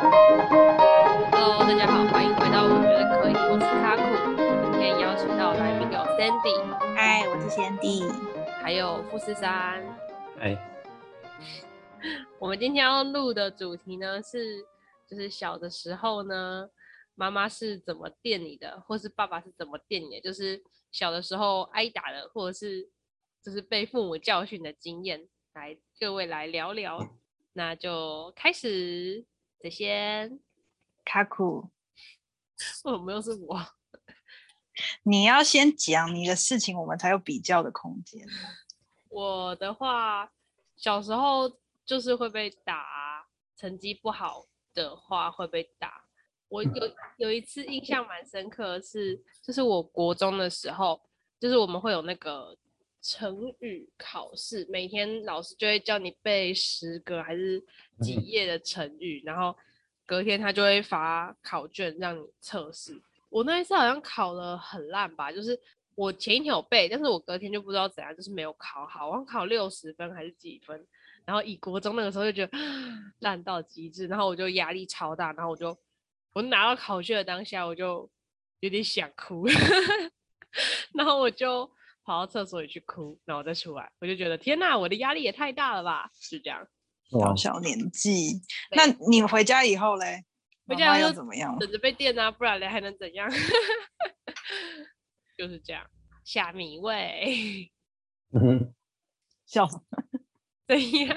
Hello、哦、大家好，歡迎回到《我覺得可以，我是卡酷》。今天邀請到來賓有 Sandy，哎，我是 Sandy，還有富士山，哎嗨。 我們今天要錄的主題呢是，就是小的時候呢，媽媽是怎麼電你的，或是爸爸是怎麼電你的，就是小的時候挨打的，或者是就是被父母教訓的經驗，來各位來聊聊。嗯、那就開始。誰先？卡庫，哦，沒有，是我？你要先講你的事情，我們才有比較的空間。我的話，小時候就是會被打，成績不好的話會被打。我有有一次印象蠻深刻的是，是就是我國中的時候，就是我們會有那個。成語考試，每天老師就會叫你背十個還是幾頁的成語，嗯、然後隔天他就會發考卷讓你測試。我那一次好像考得很爛吧，就是我前一天有背，但是我隔天就不知道怎樣，就是沒有考好，我好像考六十分還是幾分？然後以國中那個時候就覺得爛到極致，然後我就壓力超大，然後我就我拿到考卷的當下我就有點想哭， 然後我就。跑到廁所裡去哭，然後再出來，我就覺得天吶，我的壓力也太大了吧，是這樣。小小年紀，對那你回家以後嘞？回家又怎麼樣？等着被電啊，媽媽不然嘞，還能怎樣？ 就是這樣，蝦米味？嗯， 笑死樣。等一下，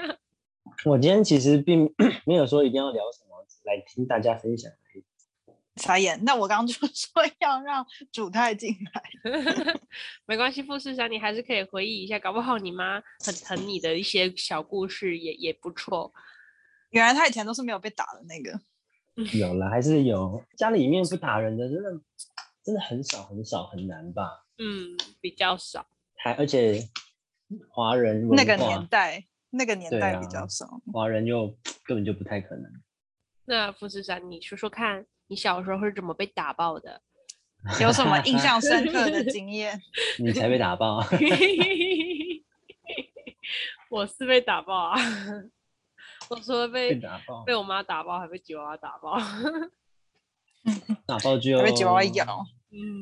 我今天其實並沒有說一定要聊什麼，來聽大家分享。啥演？那我剛剛就說要讓主太進來， 沒關係，富士山，你還是可以回憶一下，搞不好你媽很疼你的一些小故事也也不錯。原來他以前都是沒有被打的那個， 有了還是有。家裡面不打人的真的真的很少很少很難吧？嗯，比較少。還而且華人那個年代那個年代比較少，啊，華人又根本就不太可能。那富士山，你說說看。你小時候是怎麼被打爆的？ 有什麼印象深刻的經驗？你才被打爆！ 我是被打爆啊！ 我說被，被打爆，被我媽打爆，還被吉娃娃打爆。 打爆就要被吉娃娃咬。嗯，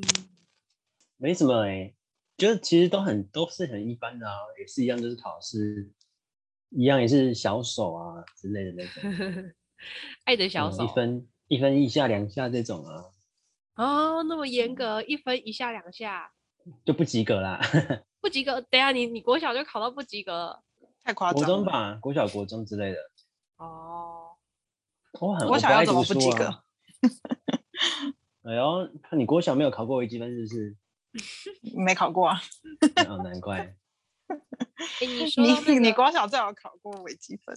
沒什麼誒、欸，就是其實都很都是很一般的啊，也是一樣，就是考試一樣，也是小手啊之類的那種。 愛的小手、嗯、一分。一分，一下兩下這種啊，哦，那麼嚴格，一分一下兩下就不及格啦， 不及格。等下你你國小就考到不及格了，太誇張。國中吧，國小國中之類的。哦，我我很國小要怎麼不及格？啊、哎呦，你國小沒有考過微積分是不是？沒考過、啊， 哦，難怪。欸、你說、那個、你你國小最好考過微積分。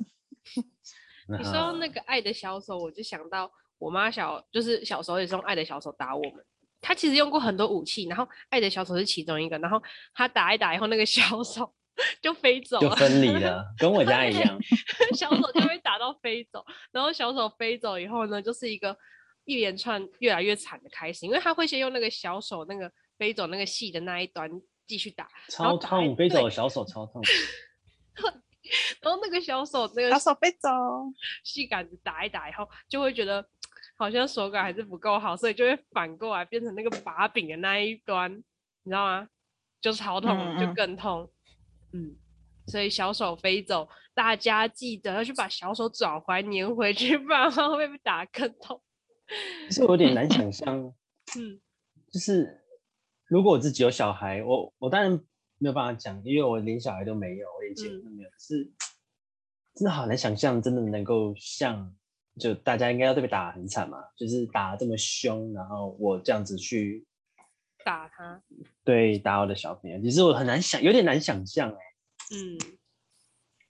你說那個愛的小手，我就想到。我媽小就是小時候也是用愛的小手打我們，她其實用過很多武器，然後愛的小手是其中一個，然後她打一打以後，那個小手就飛走了，就分離了， 跟我家一樣，小手就會打到飛走， 然後小手飛走以後呢，就是一個一連串越來越慘的開始，因為她會先用那個小手那個飛走那個細的那一端繼續打，超痛，飛走的小手超痛， 然後那個小手那個小手飛走，細桿子打一打以後就會覺得。好像手感還是不夠好，所以就會反過來變成那個把柄的那一端，你知道嗎？就是好痛，就更痛。嗯，嗯，嗯，所以小手飛走，大家記得要去把小手爪環粘回去，不然後面被打更痛。所以我有點難想象，嗯，就是如果我自己有小孩，我我當然沒有辦法講，因為我連小孩都沒有，我以前都沒有。嗯、是真的好難想象，真的能夠像。就大家應該要這邊打很慘嘛，就是打這麼兇，然後我這樣子去打他，對打我的小朋友，其實我很難想，有點難想象哎、欸，嗯，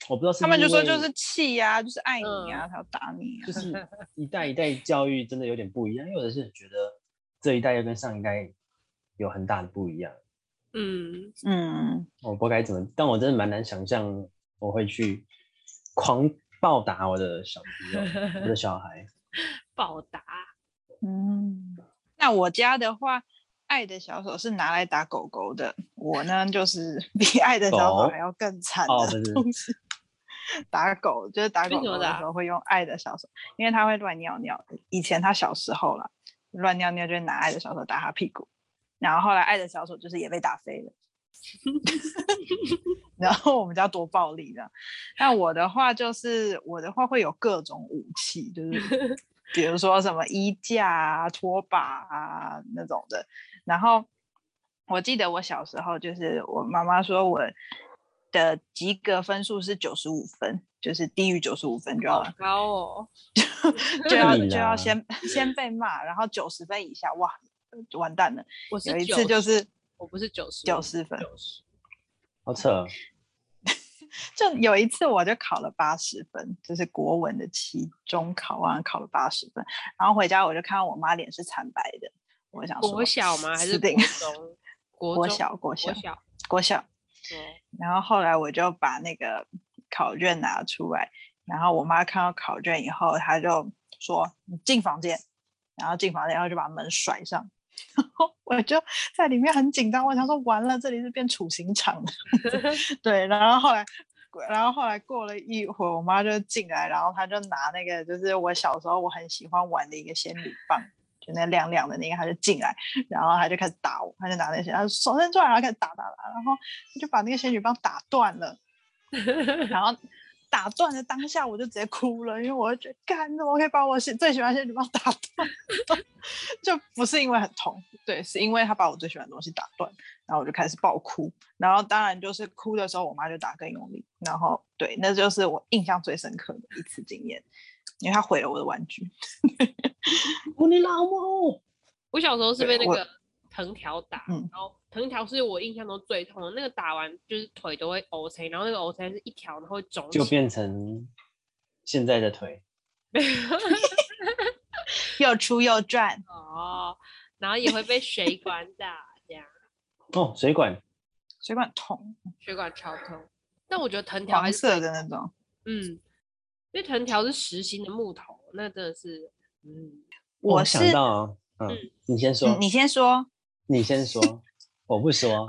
我不知道他們就說就是氣呀，就是愛你啊，他要打你，就是一代一代教育真的有點不一樣，因為我是覺得這一代又跟上一代有很大的不一樣，嗯嗯，嗯我不知道該怎麼，但我真的蠻難想象我會去狂。暴打我的小皮肉，我的小孩。暴 打。嗯，那我家的話，愛的小手是拿來打狗狗的。我呢，就是比愛的小手還要更慘的東西。狗、哦、是是打狗，就是打狗狗的時候會用愛的小手，為因為它會亂尿尿。以前它小時候了，亂尿尿就拿愛的小手打它屁股，然後後來愛的小手就是也被打飛了。 然後我們家多暴力的，那我的話就是我的話會有各種武器，就是比如說什麼衣架啊、拖把啊那種的。然後我記得我小時候就是我媽媽說我的及格分數是九十五分，就是低於九十五分就要高哦， 就要就要先 先被罵，然後九十分以下，哇，完蛋了。我是有一次就是。我不是九十，九十分，好扯。 就有一次，我就考了八十分，就是國文的期中考，完考了八十分，然後回家我就看到我媽臉是慘白的。我想說國小嗎？還是國中。是定國小，國小，國小。對。然後後來我就把那個考卷拿出來，然後我媽看到考卷以後，她就說：“你進房間。”然後進房間，然後就把門甩上。然後 我就在裡面很緊張，我想說完了，這裡是變處刑場了。對，然後後來，然後後來過了一會兒，我媽就進來，然後她就拿那個，就是我小時候我很喜歡玩的一個仙女棒，就那亮亮的那個，她就進來，然後她就開始打我，她就拿那些，她就手伸出來，然後開始打打打，然後就把那個仙女棒打斷了，然後。打斷的當下，我就直接哭了，因為我就覺得，幹你怎麼可以把我最喜歡的仙女棒打斷？ 就不是因為很痛，對，是因為他把我最喜歡的東西打斷，然後我就開始爆哭。然後當然就是哭的時候，我媽就打得更用力。然後對，那就是我印象最深刻的一次經驗，因為他毀了我的玩具。我的老母！我小時候是被那個。藤條打，然後藤條是我印象中最痛的、嗯、那個，打完就是腿都會凹陷，然後那個凹陷是一條，然後腫就變成現在的腿，又粗又壯哦，然後也會被水管打 這樣哦，水管，水管痛，水管超痛，但我覺得藤條白色的那種，嗯，因為藤條是實心的木頭，那真的是，嗯，我想到、啊，是嗯，嗯，你先說，嗯、你先說。你先說， 我不說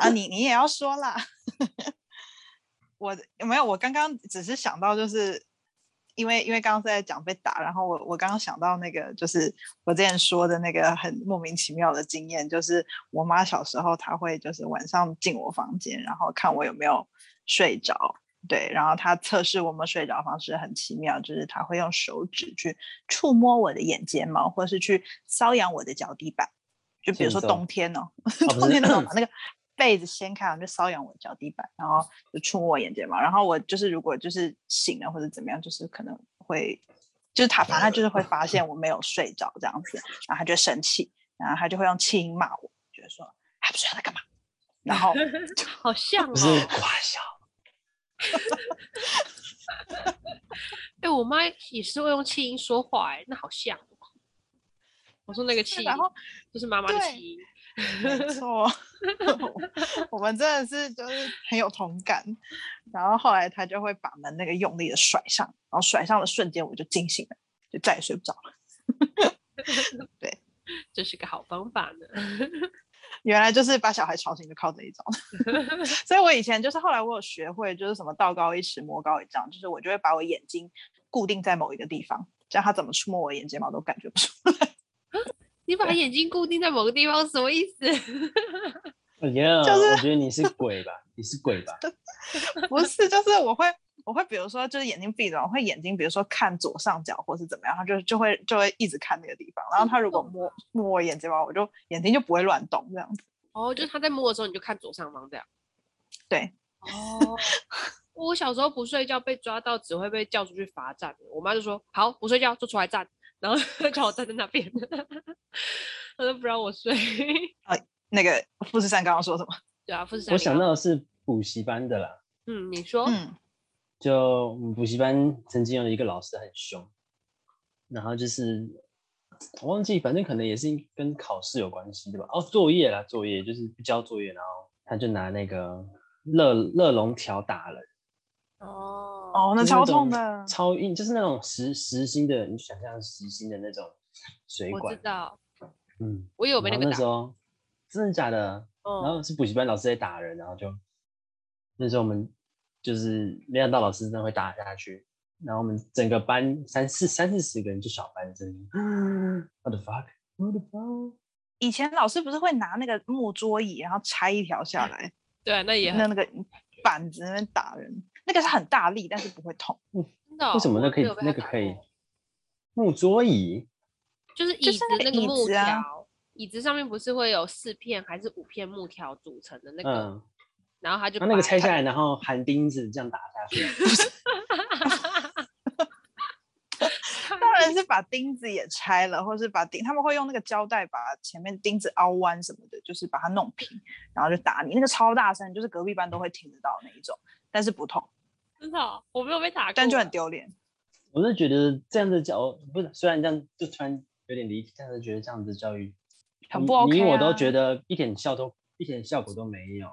啊，你你也要說啦。 我沒有，我剛剛只是想到，就是因為因為剛剛在講被打，然後我我剛剛想到那個，就是我之前說的那個很莫名其妙的經驗，就是我媽小時候她會就是晚上進我房間，然後看我有沒有睡着，對，然後她測試我們睡着方式很奇妙，就是她會用手指去觸摸我的眼睫毛，或是去搔癢我的腳底板。就比如說冬天哦，哦 冬天那種把那個被子掀開，然後就搔癢我腳底板，然後觸摸我眼睫毛。然後我就是如果就是醒了或者怎麼樣，就是可能會就是他，反正就是會發現我沒有睡着這樣子，然後他就生氣，然後他就會用氣音罵我，得、就是、說還、哎、不睡在幹嘛？然後好像啊是，搞誇笑。哎、 欸，我媽也是會用氣音說話、欸，哎，那好像。我說那個氣，然後就是媽媽的氣，錯，我們真的是就是很有同感。然後後來他就會把門那個用力的甩上，然後甩上的瞬間我就驚醒了，就再也睡不着了。 對，這是個好方法呢。原來就是把小孩吵醒就靠這一招。 所以我以前就是後來我有學會，就是什麼道高一尺魔高一丈，就是我就會把我眼睛固定在某一個地方，這樣他怎麼觸摸我眼睫毛都感覺不出來。你把眼睛固定在某個地方，對什麼意思？Yeah, 就是我覺得你是鬼吧， 你是鬼吧？不是，就是我會，我會，比如說，就是眼睛閉着，我會眼睛，比如說看左上角，或是怎麼樣，他就就會就會一直看那個地方。然後他如果摸摸我眼睛的話，我就眼睛就不會亂動這樣子。嗯、哦，就是他在摸的時候，你就看左上方這樣。對。哦。 我小時候不睡覺被抓到，只會被叫出去罰站。我媽就說：“好，不睡覺就出來站。”然後他叫我站在那邊，他都不讓我睡。啊，那個富士山剛剛說什麼？對啊，富士山。我想到的是補習班的啦。嗯，你說。嗯，就補習班曾經有一個老師很凶，然後就是我忘記，反正可能也是跟考試有關係，對吧？哦，作業啦，作業就是不交作業，然後他就拿那個熱熔膠條打了。哦哦，那超痛的，超硬，就是那種實實心的，你想象實心的那種水管。我知道，嗯，我也有被那個打。那時候真的假的？Oh. 然後是補習班老師在打人，然後就那時候我們就是沒想到老師真的會打下去，然後我們整個班三四三四十個人就小班真我的 fuck，我的以前老師不是會拿那個木桌椅，然後拆一條下來，對、啊，那也那那個板子在那邊打人。那個是很大力，但是不會痛。No, 為什麼那可以？那個可以？木桌椅，就是椅子那個木條，椅子，啊、椅子上面不是會有四片還是五片木條組成的那個？嗯。然後他就把，啊、那個拆下來，然後含釘子這樣打下去，啊。哈 當然是把釘子也拆了，或是把釘他們會用那個膠帶把前面釘子凹彎什麼的，就是把它弄平，然後就打你。那個超大聲，就是隔壁班都會聽得到那一種，但是不痛。真的，我沒有被打但就很丟臉。我是覺得這樣的教，不是雖然這樣就突然有點離但是覺得這樣子教育，很不 okay 啊、你我都覺得一點效都一點效果都沒有。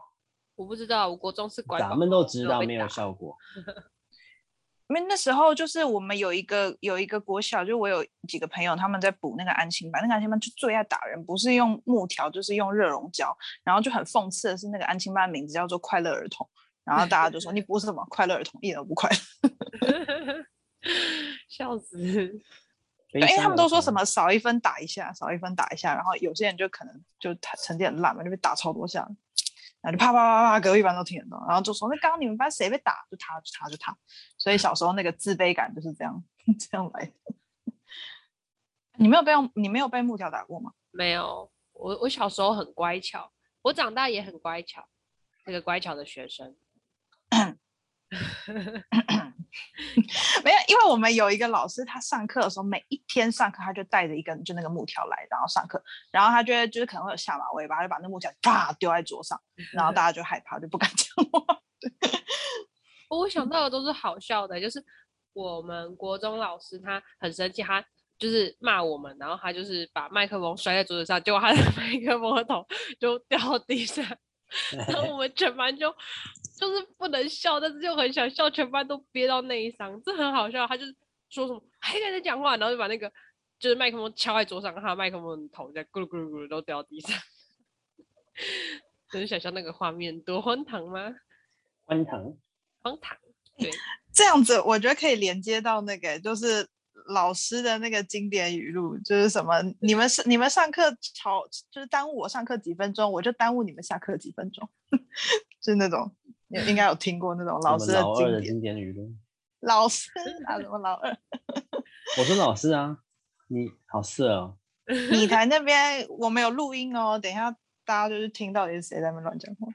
我不知道，我國中是管我咱們都知道沒有效果，被 因為那時候就是我們有一個有一個國小，就我有幾個朋友他們在補那個安親班，那個安親班就最愛打人，不是用木條就是用熱熔膠，然後就很諷刺的是，那個安親班的名字叫做快樂兒童。 然後大家就說：“你不是什麼快樂兒童，一點都不快樂， 笑死，欸！因為他們都說什麼少一分打一下，少一分打一下。然後有些人就可能就成績爛嘛，就被打超多下，然後就啪啪啪啪啪，隔壁班都聽得到。然後就說：‘那剛剛你們班誰被打？’就他，就他，就他。所以小時候那個自卑感，就是這樣這樣來的。 你沒有被用你沒有被木條打過嗎？沒有，我我小時候很乖巧，我長大也很乖巧，那個乖巧的學生。” 沒有，因為我們有一個老師，他上課的時候 每一天上課，他就帶着一根就那個木條來，然後上課，然後他覺得就是可能會有下馬威吧，他就把那木條啪丟在桌上，然後大家就害怕，就不敢講話。 我想到的都是好笑的，就是我們國中老師他很生氣，他就是罵我們，然後他就是把麥克風摔在桌子上，結果他的麥克風的頭就掉到地上。 然後我們全班就就是不能笑，但是就很想笑，全班都憋到內傷，這很好笑。他就說什麼還在講話，然後就把那個就是麥克風敲在桌上，哈，麥克風頭在咕嚕咕嚕咕嚕都掉到地上，很 想象那個畫面，多荒唐嗎？荒唐，荒唐，對，這樣子我覺得可以連接到那個就是。老師的那個經典語錄就是什麼？你們上你們上課吵，就是耽誤我上課幾分鐘，我就耽誤你們下課幾分鐘， 是那種，你應該有聽過那種老師的經典、的經典語錄。老師啊，什麼老二？ 我說老師啊，你好色哦！你台，那邊我沒有錄音哦，等一下大家就是聽到底是誰在那亂講話。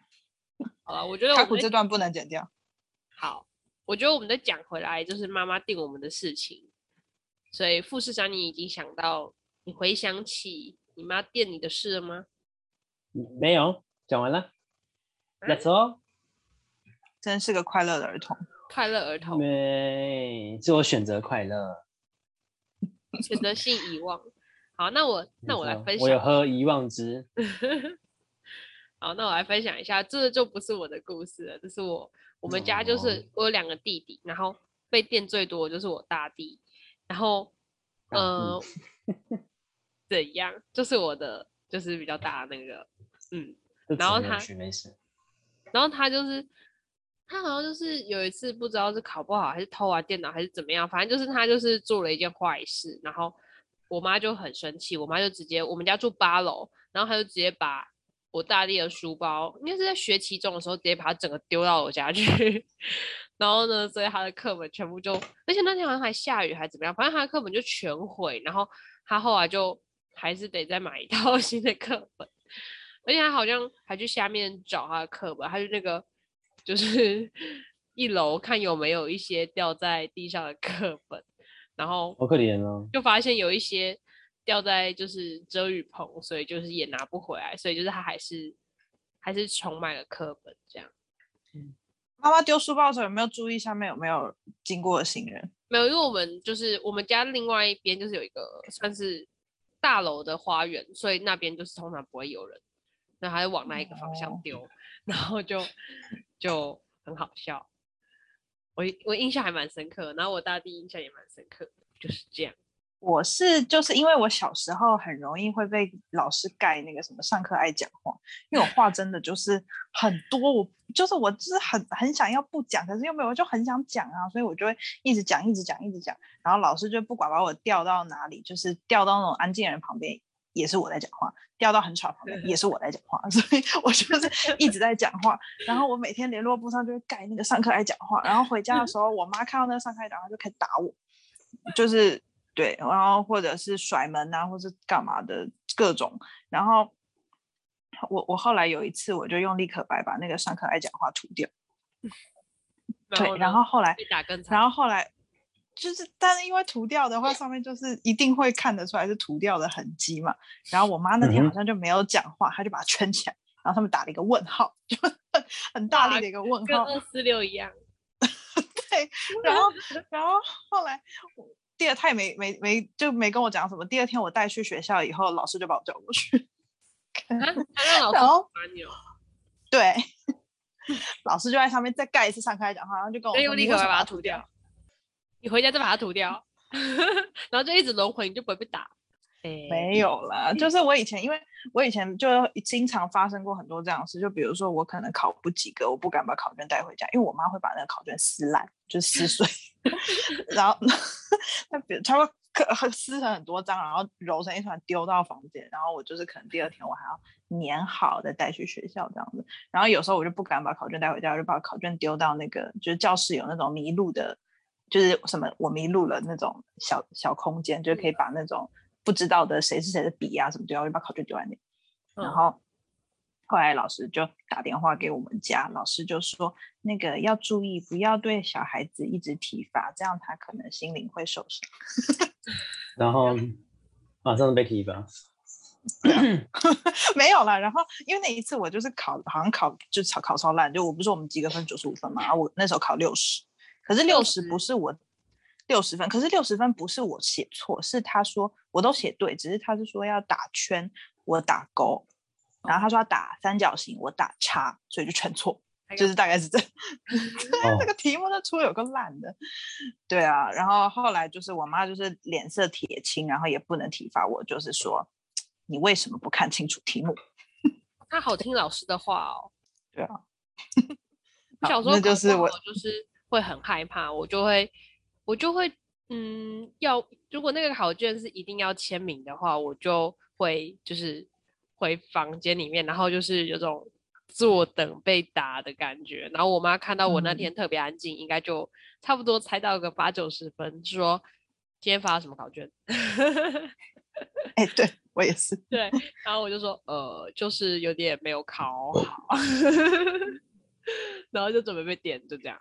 好了，我覺得我這段不能剪掉。好，我覺得我們的講回來，就是媽媽定我們的事情。所以副市長，你已經想到你回想起你媽電你的事了嗎？沒有，講完了。That's、嗯、's all。真是個快樂的兒童，快樂兒童。沒，自我選擇快樂，選擇性遺忘。好，那我, 那,我那我來分享一下。我有喝遺忘汁。 好，那我來分享一下，這就不是我的故事了，這是我我們家，就是我有兩個弟弟，哦、然後被電最多的就是我大弟。然後，啊、呃， 怎樣？就是我的，就是比較大的那個，嗯。然後他， 然後他就是，他好像就是有一次不知道是考不好，還是偷玩電腦，還是怎麼樣，反正就是他就是做了一件壞事，然後我媽就很生氣，我媽就直接，我們家住八樓，然後他就直接把。我大弟的書包，應該是在學期中的時候，直接把它整個丟到我家去。然後呢，所以他的課本全部就……而且那天好像還下雨，還怎麼樣？反正他的課本就全毀。然後他後來就還是得再買一套新的課本。而且他好像還去下面找他的課本，他就那個就是一樓看有沒有一些掉在地上的課本。然後好可憐哦，就發現有一些。掉在就是遮雨棚，所以就是也拿不回來，所以就是他還是還是重買了課本這樣。嗯，媽媽丟書包的時候有沒有注意下面有沒有經過的行人？沒有，因為我們就是我們家另外一邊就是有一個算是大樓的花園，所以那邊就是通常不會有人。那還是往那一個方向丟，哦、然後就就很好笑。我我印象還蠻深刻，然後我大弟印象也蠻深刻，就是這樣。我是就是因為我小時候很容易會被老師蓋那個什麼上課愛講話，因為我話真的就是很多，我就是我就是很很想要不講，可是又沒有，我就很想講啊，所以我就會一直講一直講一直講，然後老師就不管把我調到哪裡，就是調到那種安靜人旁邊也是我在講話，調到很吵旁邊也是我在講話，的所以我就是一直在講話， 然後我每天聯絡簿上就會蓋那個上課愛講話，然後回家的時候我媽看到那個上課愛講話就開始打我，就是。對，然後或者是甩門啊，或是幹嘛的，各種。然後我我後來有一次，我就用立可白把那個上課愛講話塗掉。嗯、對，然後後來，然後後來就是，但是因為塗掉的話，對上面就是一定會看得出來是塗掉的痕跡嘛。然後我媽那天好像就沒有講話，她就把它圈起來，然後他們打了一個問號，就很大力的一個問號，跟二四六一樣。 對，然後 然後後來。第二他也沒沒沒就沒跟我講什麼。第二天我帶去學校以後，老師就把我叫過去，啊、還讓老師打你、哦、對，老師就在上面再蓋一次上課講話，然後就跟我立刻來把它塗掉。你回家再把它塗掉， 然後就一直輪迴，你就不會被打。沒有啦，嗯、就是我以前，因為我以前就經常發生過很多這樣的事，就比如說我可能考不及格，我不敢把考卷帶回家，因為我媽會把那個考卷撕爛，就撕碎， 然後那比他會撕成很多張，然後揉成一團丟到房間，然後我就是可能第二天我還要粘好再帶去學校這樣子，然後有時候我就不敢把考卷帶回家，我就把考卷丟到那個就是教室有那種迷路的，就是什麼我迷路了那種小小空間，就可以把那種。嗯不知道的誰是誰的筆啊，什麼丟？我就把考卷丟完，嗯、然後後來老師就打電話給我們家，老師就說那個要注意，不要對小孩子一直體罰，這樣他可能心靈會受傷。 然後馬上被體罰？ 沒有了。然後因為那一次我就是考，好像考就考考超爛，就我不是我們及格分九十五分嘛，我那時候考六十，可是六十不是我。嗯六十分，可是六十分不是我寫錯，是他說我都寫對，只是他是說要打圈，我打勾，然後他說要打三角形，我打叉，所以就全錯，就是大概是這。這個題目都出有個爛的，對啊。然後後來就是我媽就是臉色鐵青，然後也不能體罰我，就是說你為什麼不看清楚題目？ 他好聽老師的話哦。對啊。小時候就是我就是，我，我就是會很害怕，我就會。我就會，嗯，要如果那個考卷，是一定要簽名的話，我就會就是回房間裡面，然後就是有種坐等被打的感覺。然後我媽看到我那天特別安靜，嗯、應該就差不多猜到個八九十分，說今天發了什麼考卷？哎、 欸，對我也是，對。然後我就說，呃，就是有點沒有考好， 然後就準備被點，就這樣，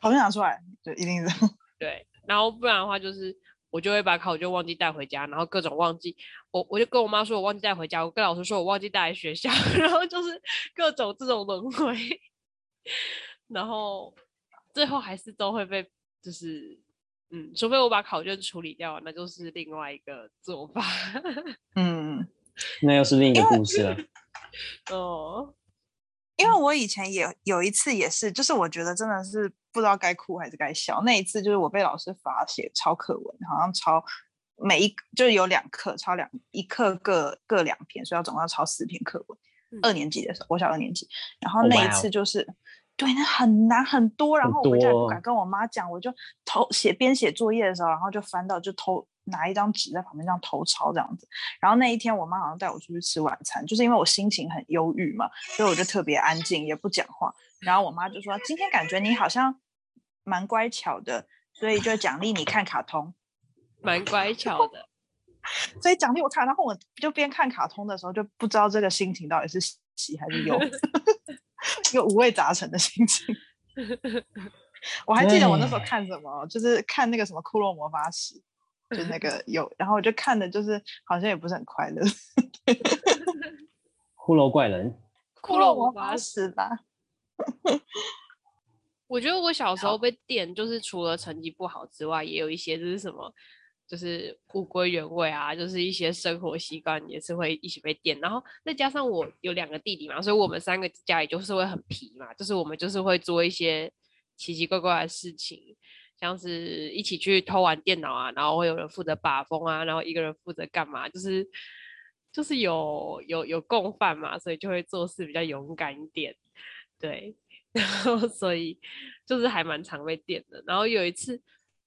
好像拿出來，就一定是。對，然後不然的話，就是我就會把考卷忘記帶回家，然後各種忘記，我我就跟我媽說，我忘記帶回家；我跟老師說，我忘記帶來學校，然後就是各種這種輪回，然後最後還是都會被，就是嗯，除非我把考卷處理掉，那就是另外一個做法。嗯，那又是另一個故事了。哦，因為我以前也有一次也是，就是我覺得真的是。不知道該哭還是該笑。那一次就是我被老師罰寫抄課文，好像抄每一就是有兩課抄兩一課各各兩篇，所以要總共要抄四篇課文。嗯、二年級的時候，我小二年級，然後那一次就是、Oh my. 對，那很難很多，然後我回家也不敢跟我媽講，我就偷寫邊寫作業的時候，然後就翻到就偷拿一張紙在旁邊這樣偷抄這樣子。然後那一天我媽好像帶我出去吃晚餐，就是因為我心情很憂鬱嘛，所以我就特別安靜， 也不講話。然後我媽就說：“今天感覺你好像蠻乖巧的，所以就獎勵你看卡通。蠻乖巧的， 所以獎勵我看。然後我就邊看卡通的時候，就不知道這個心情到底是喜還是憂，一個 五味雜陳的心情。 我還記得我那時候看什麼，就是看那個什麼《骷髏魔法使》，就那個有。 然後我就看的，就是好像也不是很快樂。 骷髏怪人，骷髏魔法使吧。” 我覺得我小時候被電，就是除了成績不好之外，也有一些，就是什麼，就是物歸原位啊，就是一些生活習慣也是會一起被電。然後再加上我有兩個弟弟嘛，所以我們三個家裡就是會很皮嘛，就是我們就是會做一些奇奇怪怪的事情，像是一起去偷玩電腦啊，然後會有人負責把風啊，然後一個人負責幹嘛，就是就是有有有共犯嘛，所以就會做事比較勇敢一點。對，然後所以就是還蠻常被電的。然後有一次，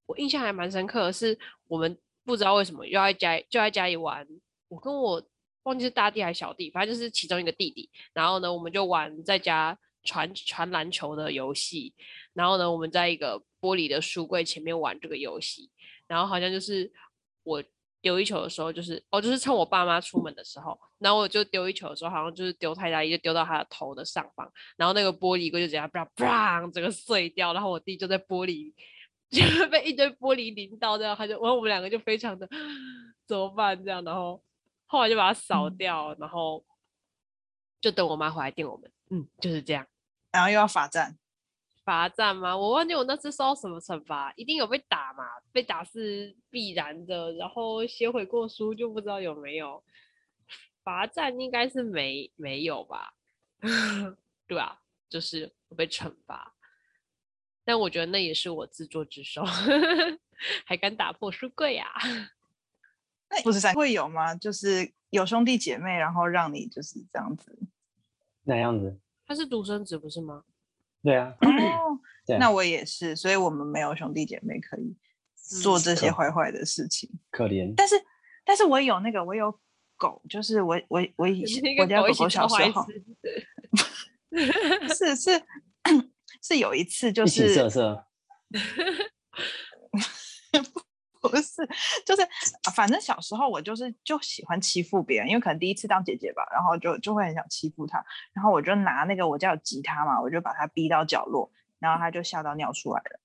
我印象還蠻深刻的是，我們不知道為什麼又在家就在家裡玩。我跟我忘記是大弟還是小弟，反正就是其中一個弟弟。然後呢，我們就玩在家傳傳籃球的遊戲。然後呢，我們在一個玻璃的書櫃前面玩這個遊戲。然後好像就是我。丟一球的時候，就是哦，就是趁我爸媽出門的時候，然後我就丟一球的時候，好像就是丟太大力，就丟到他的頭的上方，然後那個玻璃櫃就直接“砰”整個碎掉，然後我弟就在玻璃就被一堆玻璃淋到，這樣他就，然後我們兩個就非常的怎麼辦這樣，然後後來就把它掃掉，嗯、然後就等我媽回來定我們，嗯，就是這樣，然後又要罰站。罰站嗎？我忘記我那次受到什麼懲罰，一定有被打嘛，被打是必然的。然後寫悔過書就不知道有沒有罰站，應該是沒沒有吧？ 對啊，就是被懲罰。但我覺得那也是我自作自受， 還敢打破書櫃呀、啊？不是在，會有嗎？就是有兄弟姐妹，然後讓你就是這樣子，哪樣子？他是獨生子不是嗎？對啊，哦 對， 那我也是，所以我們沒有兄弟姐妹可以做這些壞壞的事情，可憐。可但是，但是我有那個，我有狗，就是我我我以前跟我家狗狗小時候， 是是是有一次就是一 不是，就是，反正小時候我就是就喜歡欺負別人，因為可能第一次當姐姐吧，然後就就會很想欺負她，然後我就拿那個我家有吉他嘛，我就把他逼到角落，然後他就嚇到尿出來了，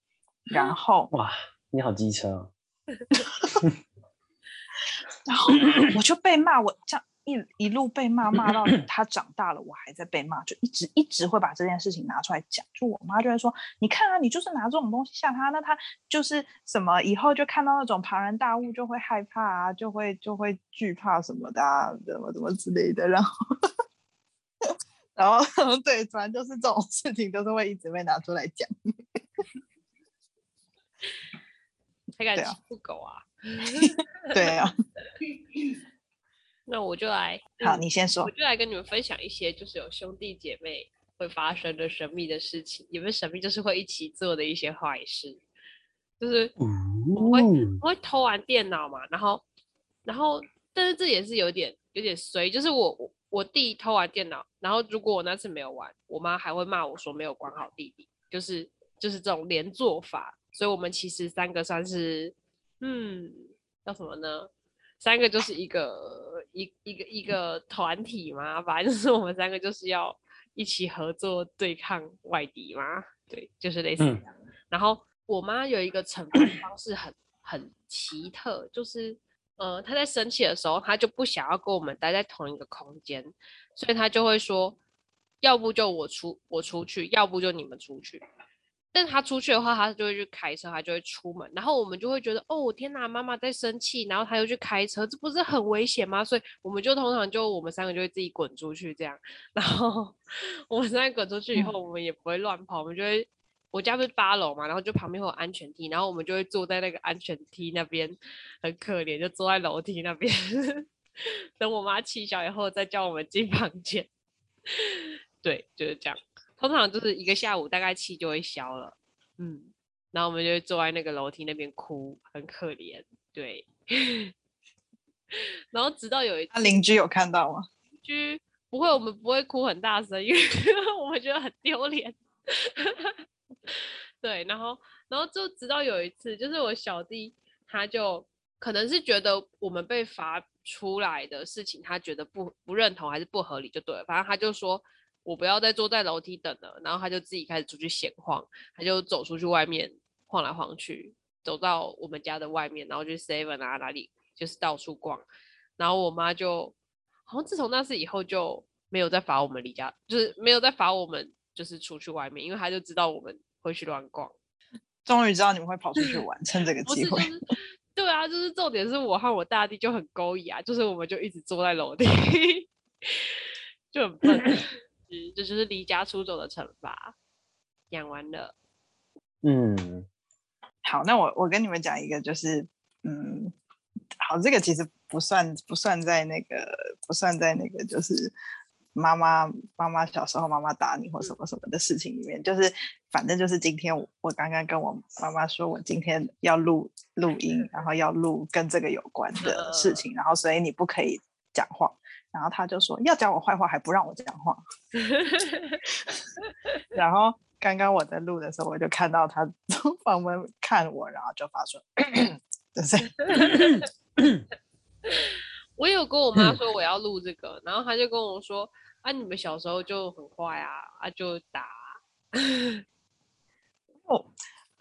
然後哇，你好機車哦， 然後我就被罵我這樣。一一路被罵，罵到他長大了，我還在被罵，就一直一直會把這件事情拿出來講。就我媽就會說：“你看啊，你就是拿這種東西嚇他，那他就是什麼以後就看到那種龐然大物就會害怕啊，就會就會懼怕什麼的，啊，怎麼怎麼之類的。”然後， 然後對，反正就是這種事情都是會一直被拿出來講。 還敢欺負狗啊？對啊。 對啊。那我就來，好，嗯，你先說。我就來跟你們分享一些，就是有兄弟姐妹會發生的神秘的事情，也不是神秘，就是會一起做的一些壞事，就是我會我會偷玩電腦嘛，然後然後，但是這也是有點有點衰，就是我我弟偷玩電腦，然後如果我那次沒有玩，我媽還會罵我說沒有管好弟弟，就是就是這種連坐法，所以我們其實三個算是，嗯，叫什麼呢？三個就是一個。一一個一個團體嘛，反正就是我們三個就是要一起合作對抗外敵嘛，對，就是類似這樣。嗯。然後我媽有一個懲罰方式很很奇特，就是，呃，她在生氣的時候，她就不想要跟我們待在同一個空間，所以她就會說，要不就我出我出去，要不就你們出去。但他出去的話，他就會去開車，他就會出門，然後我們就會覺得哦，天哪，媽媽在生氣，然後他又去開車，這不是很危險嗎？所以我們就通常就我們三個就會自己滾出去這樣，然後我們三個滾出去以後，嗯、我們也不會亂跑，我們就會，我家不是八樓嘛，然後就旁邊會有安全梯，然後我們就會坐在那個安全梯那邊，很可憐，就坐在樓梯那邊， 等我媽氣消以後再叫我們進房間，對，就是這樣。通常就是一個下午，大概氣就會消了，嗯，然後我們就坐在那個樓梯那邊哭，很可憐，對。 然後直到有一次他鄰居有看到嗎？鄰居不會，我們不會哭很大聲，因為我們覺得很丟臉。 對，然後，然後就直到有一次，就是我小弟他就可能是覺得我們被罰出來的事情，他覺得不不認同還是不合理，就對了，反正他就說。我不要再坐在樓梯等了，然後他就自己開始出去閒晃，他就走出去外面晃來晃去，走到我們家的外面，然後就 seven 啊、哪裡，就是到處逛。然後我媽就好像自從那次以後就沒有再罰我們離家，就是沒有再罰我們就是出去外面，因為他就知道我們會去亂逛。終於知道你們會跑出去玩， 趁這個機會、就是。對啊，就是重點是我和我大弟就很古意啊，就是我們就一直坐在樓梯， 就很笨。 這就是離家出走的懲罰，講完了。嗯，好，那我我跟你們講一個，就是嗯，好，這個其實不算不算在那個不算在那個就是媽媽媽媽小時候媽媽打你或什麼什麼的事情裡面，嗯、就是反正就是今天我剛剛跟我媽媽說我今天要錄錄音，然後要錄跟這個有關的事情，嗯、然後所以你不可以講話。然後他就說要講我壞話，還不讓我講話。 然後剛剛我在錄的時候，我就看到他從房門看我，然後就發說：“我有跟我媽說我要錄這個， 然後他就跟我說：“啊，你們小時候就很壞啊，啊就打啊。 哦”我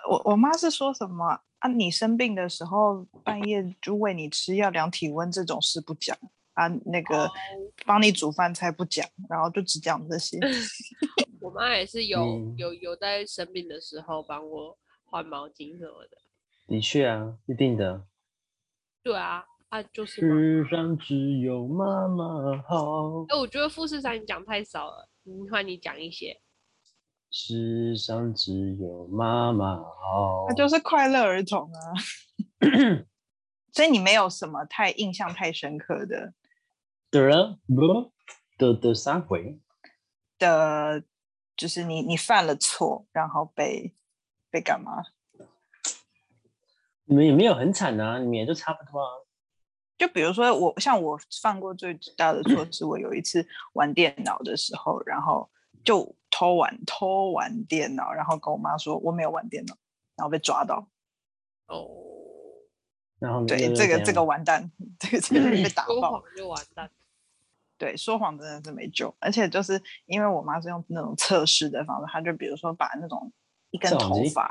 我我媽是說什麼啊？啊你生病的時候半夜就餵你吃藥、量體溫這種事不講。啊，那個、oh. 幫你煮飯菜不講，然後就只講這些。 我媽也是有、mm. 有有在生病的時候幫我換毛巾什麼的。的確啊，一定的。對啊，她、啊、就是。世上只有媽媽好。哎，我覺得富士山你講太少了，你換你講一些。世上只有媽媽好。他、啊、就是快樂兒童啊。 所以你沒有什麼太印象太深刻的。的的三回的，就是你你犯了錯，然後被被幹嘛？你們也沒有很慘啊，你們就差不多啊。就比如說我，像我犯過最大的錯，是我有一次玩電腦的時候，然後就偷玩偷玩電腦，然後跟我媽說我沒有玩電腦，然後被抓到。哦。然後這對這個這個完蛋，這個這個被打爆。 說謊就完蛋。對，說謊真的是沒救。而且就是因為我媽是用那種測試的方式，她就比如說把那種一根頭髮、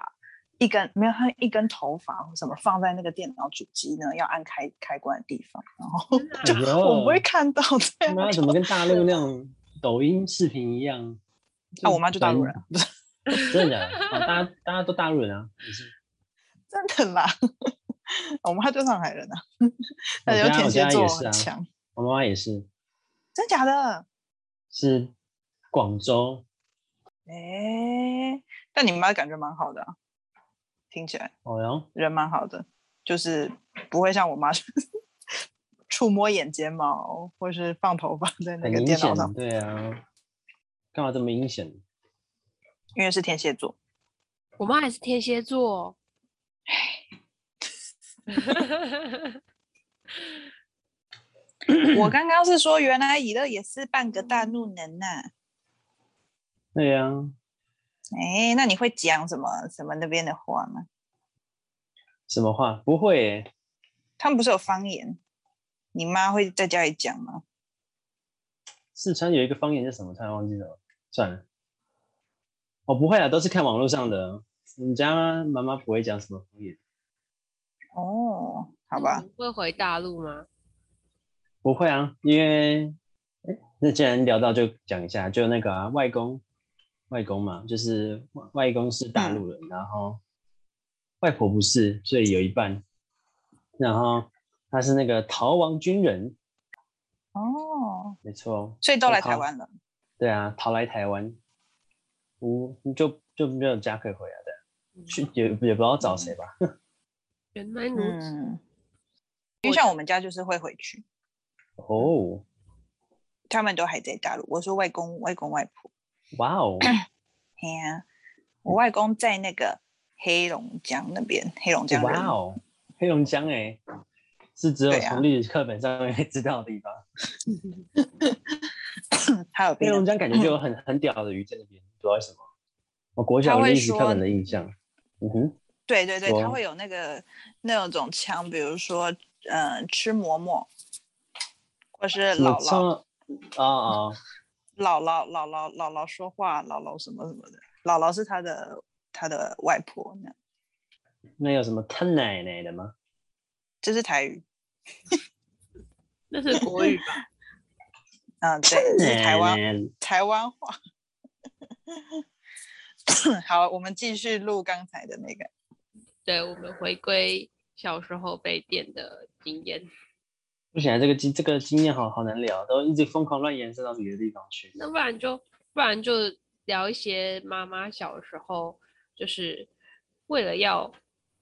一根沒有她一根頭髮什麼放在那個電腦主機呢，要按開開關的地方，然後就、啊、我不會看到。我媽怎麼跟大陸那種抖音視頻一樣？那、啊啊、我媽就大陸人。 真的假、啊、的？大、啊、家大家都大陸人啊？是真的啦。 我們還是上海人啊，呢， 但是有天蠍座很強，我家，家也是啊，我媽媽也是，真假的？是廣州，哎、欸，但你媽感覺蠻好的啊，聽起來，哦，呀，人蠻好的，就是不會像我媽，觸摸眼睫毛或者是放頭髮在那個電腦上，對啊，幹嘛這麼陰險？因為是天蠍座，我媽還是天蠍座，哎。 我剛剛是說，原來以樂也是半個大陸人吶。對呀、啊。哎、欸，那你會講什麼什麼那邊的話嗎？什麼話？不會耶。他們不是有方言？你媽會在家裡講嗎？四川有一個方言叫什麼？他忘記了。算了。我、哦、不會啊，都是看網絡上的。你家媽媽不會講什麼方言。哦，好吧。會回大陸嗎？不會啊，因為……哎、那既然聊到，就講一下，就那個、啊、外公，外公嘛，就是外公是大陸人，嗯、然後外婆不是，所以有一半。然後他是那個逃亡軍人。哦，oh, 沒錯。所以都來台灣逃逃了。對啊，逃來台灣，就就沒有家可以回來的。嗯、去也也不知道找誰吧。嗯 原來如此，嗯，因為像我們家就是會回去。哦我，他們都還在大陸。我說外公、外公、外婆。哇哦 Wow.！哎、 啊、我外公在那個黑龍江那邊，黑龍江。哇哦，黑龍江哎、欸，是只有從歷史課本上面知道的地方。有、啊。 黑龍江感覺就有很很屌的魚在那邊，主要是什麼？我國小的歷史課本的印象。嗯哼。對對對，他、oh. 會有那個那種腔，比如說，嗯、呃，吃饃饃，或是姥姥啊啊、oh, oh.，姥姥姥姥姥姥，姥姥說話，姥姥什麼什麼的，姥姥是他的他的外婆。那有什麼他奶奶的嗎？這是台語， 這是國語吧？ 啊，對，這是台灣奶奶台灣話。 好，我們繼續錄剛才的那個。對，我們回歸小時候被電的經驗，不行，這個經這個經驗好好難聊，都一直瘋狂亂延伸到別的地方去。那不然就不然就聊一些媽媽小時候，就是為了要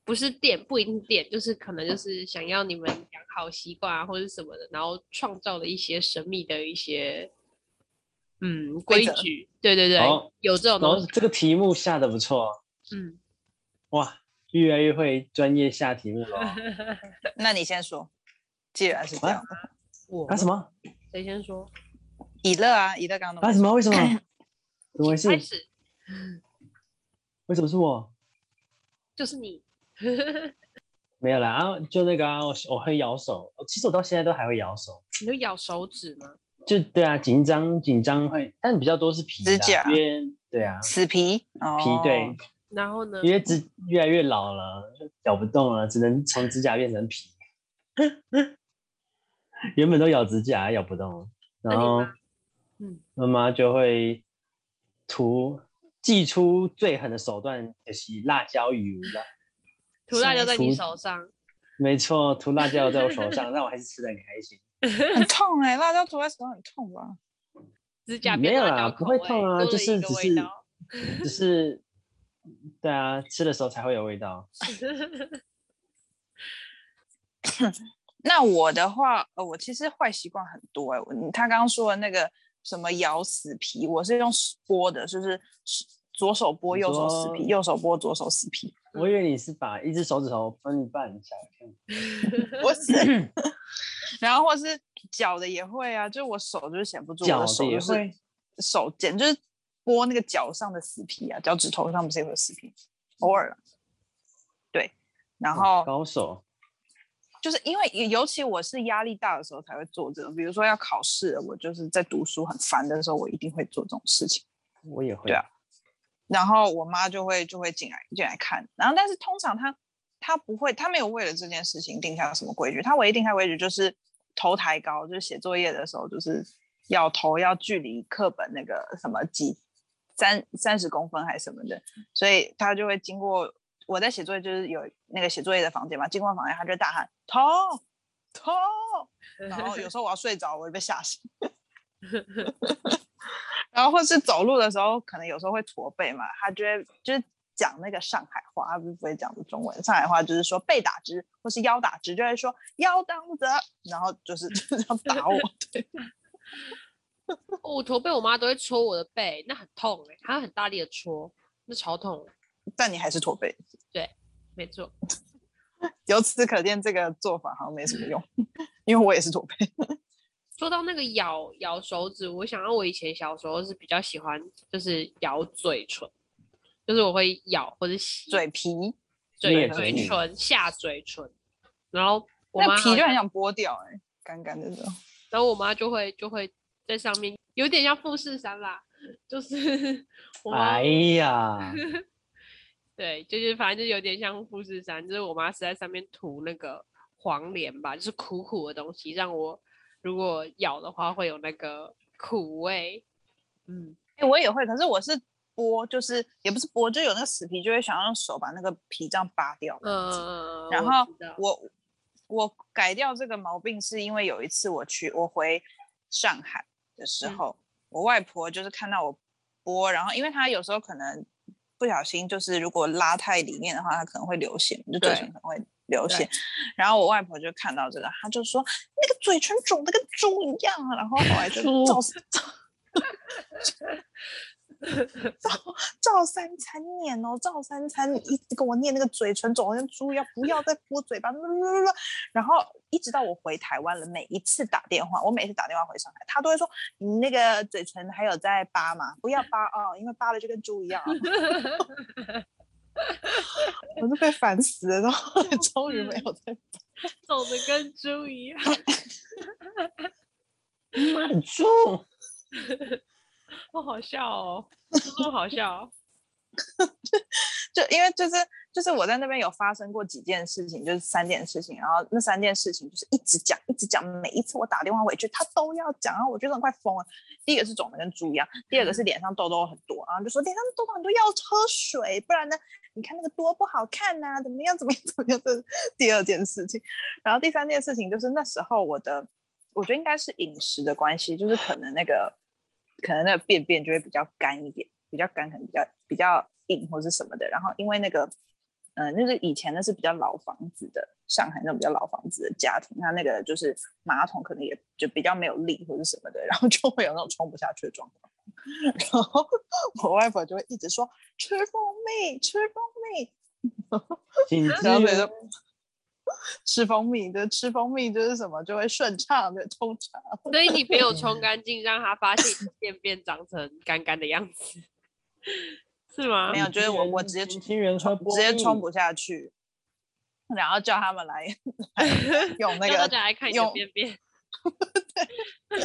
不是電不一定電，就是可能就是想要你們養好習慣啊，或者什麼的，然後創造了一些神秘的一些嗯規矩。規則。對對對，哦、有這種東西。然後這個題目下得不錯、哦，嗯，哇。越來越會專業下題目了， 那你先說，既然是這樣，我啊，啊什麼？誰先說？以樂啊，以樂剛剛啊什麼？為什麼？ 怎麼回事？開始。為什麼是我？就是你。 沒有啦，然、啊、就那個啊，我我會咬手，其實我到現在都還會咬手。你就咬手指嗎？就對啊，緊張緊張會，但比較多是皮。指甲。對啊。死皮。皮、哦、對。然後呢？因為指越來越老了，咬不動了，只能從指甲變成皮。 原本都咬指甲，咬不動，然後，媽，嗯、媽媽就會塗，祭出最狠的手段，就是辣椒油了。塗辣椒在你手上。沒錯，塗辣椒在我手上，那 我還是吃的很開心。很痛哎、欸，辣椒塗在手上很痛吧、啊？指甲沒有啦、啊，不會痛啊，就是只是，只是。 對啊，吃的時候才會有味道。 那我的話，呃，我其實壞習慣很多哎、欸。他剛剛說的那個什麼咬死皮，我是用手剝的，就是左手剝，右手死皮；說右手剝，左手死皮。我以為你是把一只手指頭分一半，想來。 我是然後或是腳的也會啊，就我手就是閒不住，腳的手也會，手簡直是剪。就是剝那個腳上的死皮啊，腳趾頭上不是也有死皮？偶爾，對，然後、哦、高手就是因為尤其我是壓力大的時候才會做這個，比如說要考試，我就是在讀書很煩的時候，我一定會做這種事情。我也會。對啊，然後我媽就會就會進來進來看，然後但是通常她她不會，她沒有為了這件事情定下什麼規矩，她唯一定下規矩就是頭抬高，就是寫作業的時候就是要頭要距離課本那個什麼幾。三三十公分還是什麼的，所以他就會經過我在寫作業，就是有那個寫作業的房間嘛，經過房間他就大喊“痛痛”，然後有時候我要睡着，我會被嚇醒， 然後或是走路的時候，可能有時候會駝背嘛，他就會就是講那個上海話，他不是不會講不中文，上海話就是說背打直或是腰打直，就會說腰當着，然後就是就是要打我，對。 哦、我駝背，我媽都會戳我的背，那很痛哎、欸，她很大力的戳，那超痛、欸。但你還是駝背，對，沒錯。 由此可見，這個做法好像沒什麼用， 因為我也是駝背。 說到那個咬咬手指，我想到我以前小時候是比較喜歡，就是咬嘴唇，就是我會咬或者嘴皮、嘴對、就是、唇、下嘴唇。然後我媽那皮就很想剝掉哎、欸，乾乾的那種。然後我媽就會就會。在上面有點像富士山啦，就是我媽，哎呀， 對，就是反正就有點像富士山，就是我媽是在上面塗那個黃連吧，就是苦苦的東西，讓我如果咬的話會有那個苦味。嗯，哎，我也會，可是我是剝，就是也不是剝，就有那個死皮，就會想要用手把那個皮這樣扒掉。嗯，然後我我，我，我改掉這個毛病是因為有一次我去我回上海，的時候，嗯、我外婆就是看到我剝，然後因為她有時候可能不小心，就是如果拉太裡面的話，她可能會流血，就嘴唇可能會流血。然後我外婆就看到這個，她就說：“那個嘴唇腫，腫的跟豬一樣啊！”然後後來就造死出 照三餐念哦，照三餐一直跟我念那個嘴唇，腫得像豬一樣，不要再哭嘴巴。 然後一直到我回台灣了，每一次打電話，我每次打電話回上海，他都會說，你那個嘴唇還有在扒嗎？不要扒啊，哦，因為扒了就跟豬一樣。 我就被煩死了，然後終於沒有再，腫的跟豬一樣。豬！ 不、哦、好笑哦，不好笑，哦 就，就因為就是就是我在那邊有發生過幾件事情，就是三件事情。然後那三件事情就是一直講，一直講。每一次我打電話回去，他都要講，然後我覺得快瘋了。第一個是腫的跟豬一樣，第二個是臉上痘痘很多，然後就說臉上痘痘很多，痘痘很多要喝水，不然呢，你看那個多不好看吶，啊，怎麼樣，怎麼樣，怎麼樣的。這第二件事情，然後第三件事情就是那時候我的，我覺得應該是飲食的關係，就是可能那個，可能那個便便就會比較乾一點，比較乾，可能比較比較硬或者是什麼的。然後因為那個，嗯、呃，就是以前那是比較老房子的上海那種比較老房子的家庭，他那個就是馬桶可能也就比較沒有力或者什麼的，然後就會有那種沖不下去的狀況。然後我外婆就會一直說 吃蜂蜜，吃蜂蜜，然後 吃 吃蜂蜜，就吃蜂蜜，就是什麼就會順暢就沖茶。所以你沒有沖乾淨， 讓他發現便便長成乾乾的樣子，是嗎？沒有，就是我我直接沖，聽人直接沖不下去，然後叫他們來，來用那個，大家 來看一下便便。用 對，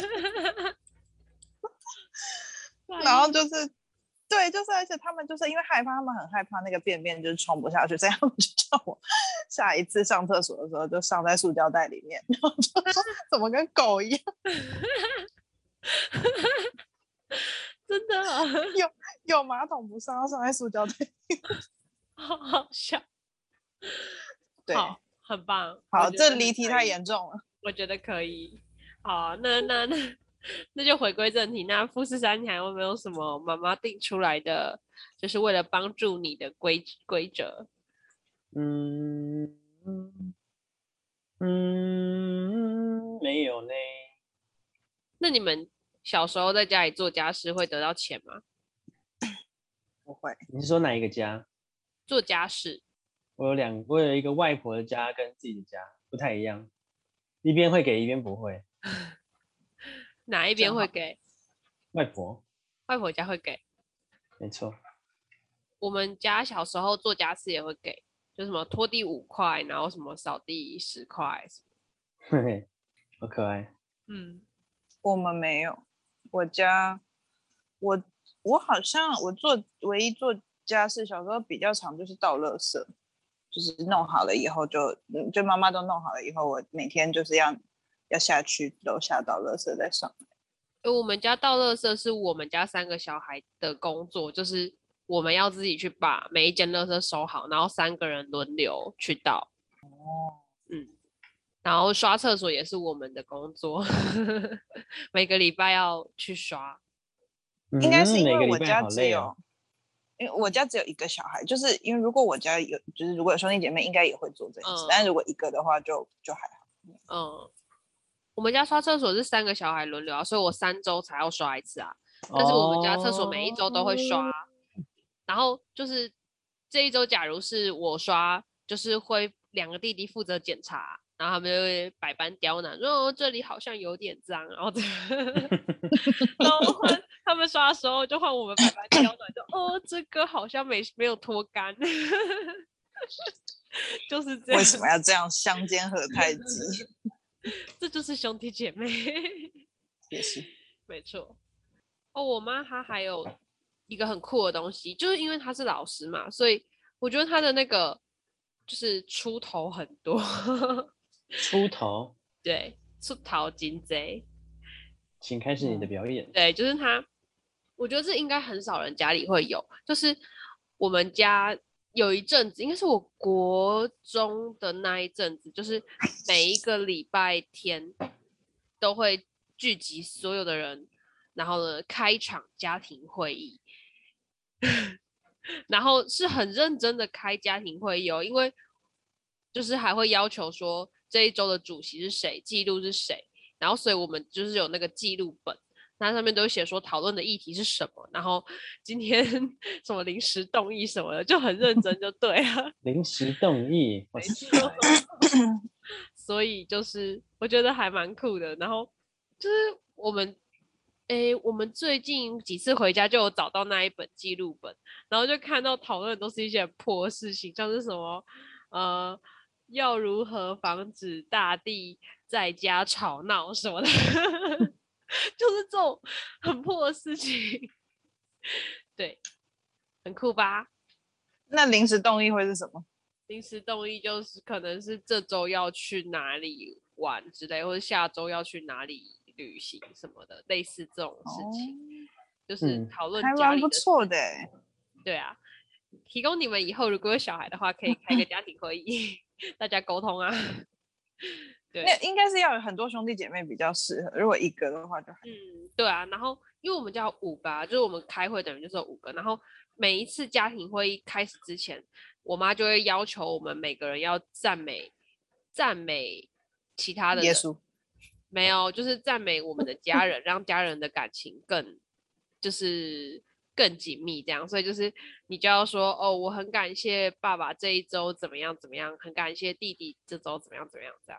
然後就是對，就是而且他們就是因為害怕，他們很害怕那個便便就是沖不下去，所以他們就叫我。下一次上廁所的時候，就上在塑膠袋裡面，然後就說，怎麼跟狗一樣？ 真的、啊、有有馬桶不上，要上在塑膠袋裡面，好好笑。對，oh, 很棒。好，這離題太嚴重了，我覺得可以。好，那那那那就回歸正題。那富士山，你還有沒有什麼媽媽訂出來的，就是為了幫助你的規規則？嗯嗯，沒有呢。那你們小時候在家裡做家事會得到錢嗎？不會。你是說哪一個家？做家事。我有兩個，我有一個外婆的家跟自己的家不太一樣，一邊會給，一邊不會。 哪一邊會給？外婆。外婆家會給。沒錯。我們家小時候做家事也會給。就什麼拖地五塊，然後什麼掃地十塊，嘿嘿， 好可愛。嗯，我們沒有，我家，我我好像我做唯一做家事，小時候比較常就是倒垃圾，就是弄好了以後就就媽媽都弄好了以後，我每天就是要要下去樓下倒垃圾再上來。我們家倒垃圾是我們家三個小孩的工作，就是。我們要自己去把每一間垃圾收好，然後三個人輪流去倒。哦，嗯，然後刷廁所也是我們的工作， 每個禮拜要去刷。嗯、應該是因為我家只有，嗯哦、因為我家只有一個小孩，就是因為如果我家有，就是如果有兄弟姐妹，應該也會做這樣子。嗯、但如果一個的話就，就就還好。嗯，我們家刷廁所是三個小孩輪流啊，所以我三周才要刷一次啊。但是我們家廁所每一周都會刷。哦然後就是這一周，假如是我刷，就是會兩個弟弟負責檢查，然後他們就會百般刁難。說、哦、這裡好像有點髒，然後，就然後換他們刷的時候就換我們百般刁難，就哦，這個好像沒沒有脫乾，就是這樣。為什麼要這樣相間子？相煎何太急？這就是兄弟姐妹，也是沒錯。哦，我媽她還有。一個很酷的東西，就是因為他是老師嘛，所以我覺得他的那個就是出頭很多， 出頭，對，出頭金賊，請開始你的表演。對，就是他，我覺得這應該很少人家裡會有。就是我們家有一陣子，應該是我國中的那一陣子，就是每一個禮拜天都會聚集所有的人，然後呢，開一場家庭會議。 然後是很認真的開家庭會議哦，因為就是還會要求說，這一週的主席是誰，記錄是誰，然後所以我們就是有那個記錄本，它上面都寫說討論的議題是什麼，然後今天什麼臨時動議什麼的，就很認真，就對了。臨時動議， 所以就是我覺得還蠻酷的，然後就是我們。誒，我們最近幾次回家就有找到那一本記錄本，然後就看到討論都是一些破事情，像是什麼，呃，要如何防止大地在家吵鬧什麼的， 就是這種很破的事情。對，很酷吧？那臨時動議會是什麼？臨時動議就是可能是這週要去哪裡玩之類，或者下周要去哪裡。旅行什麼的，類似這種事情，哦、就是討論還蠻不錯的。對啊，提供你們以後如果有小孩的話，可以開個家庭會議， 大家溝通啊。對，那應該是要有很多兄弟姐妹比較適合，如果一個的話就……嗯，對啊。然後，因為我們叫五個、啊，就是我們開會等於就是五個。然後每一次家庭會議開始之前，我媽就會要求我們每個人要讚美、讚美其他的人，耶穌。沒有，就是讚美我們的家人，讓家人的感情更就是更緊密這樣。所以就是你就要說哦，我很感謝爸爸這一周怎麼樣怎麼樣，很感謝弟弟這周怎麼樣怎麼樣這樣。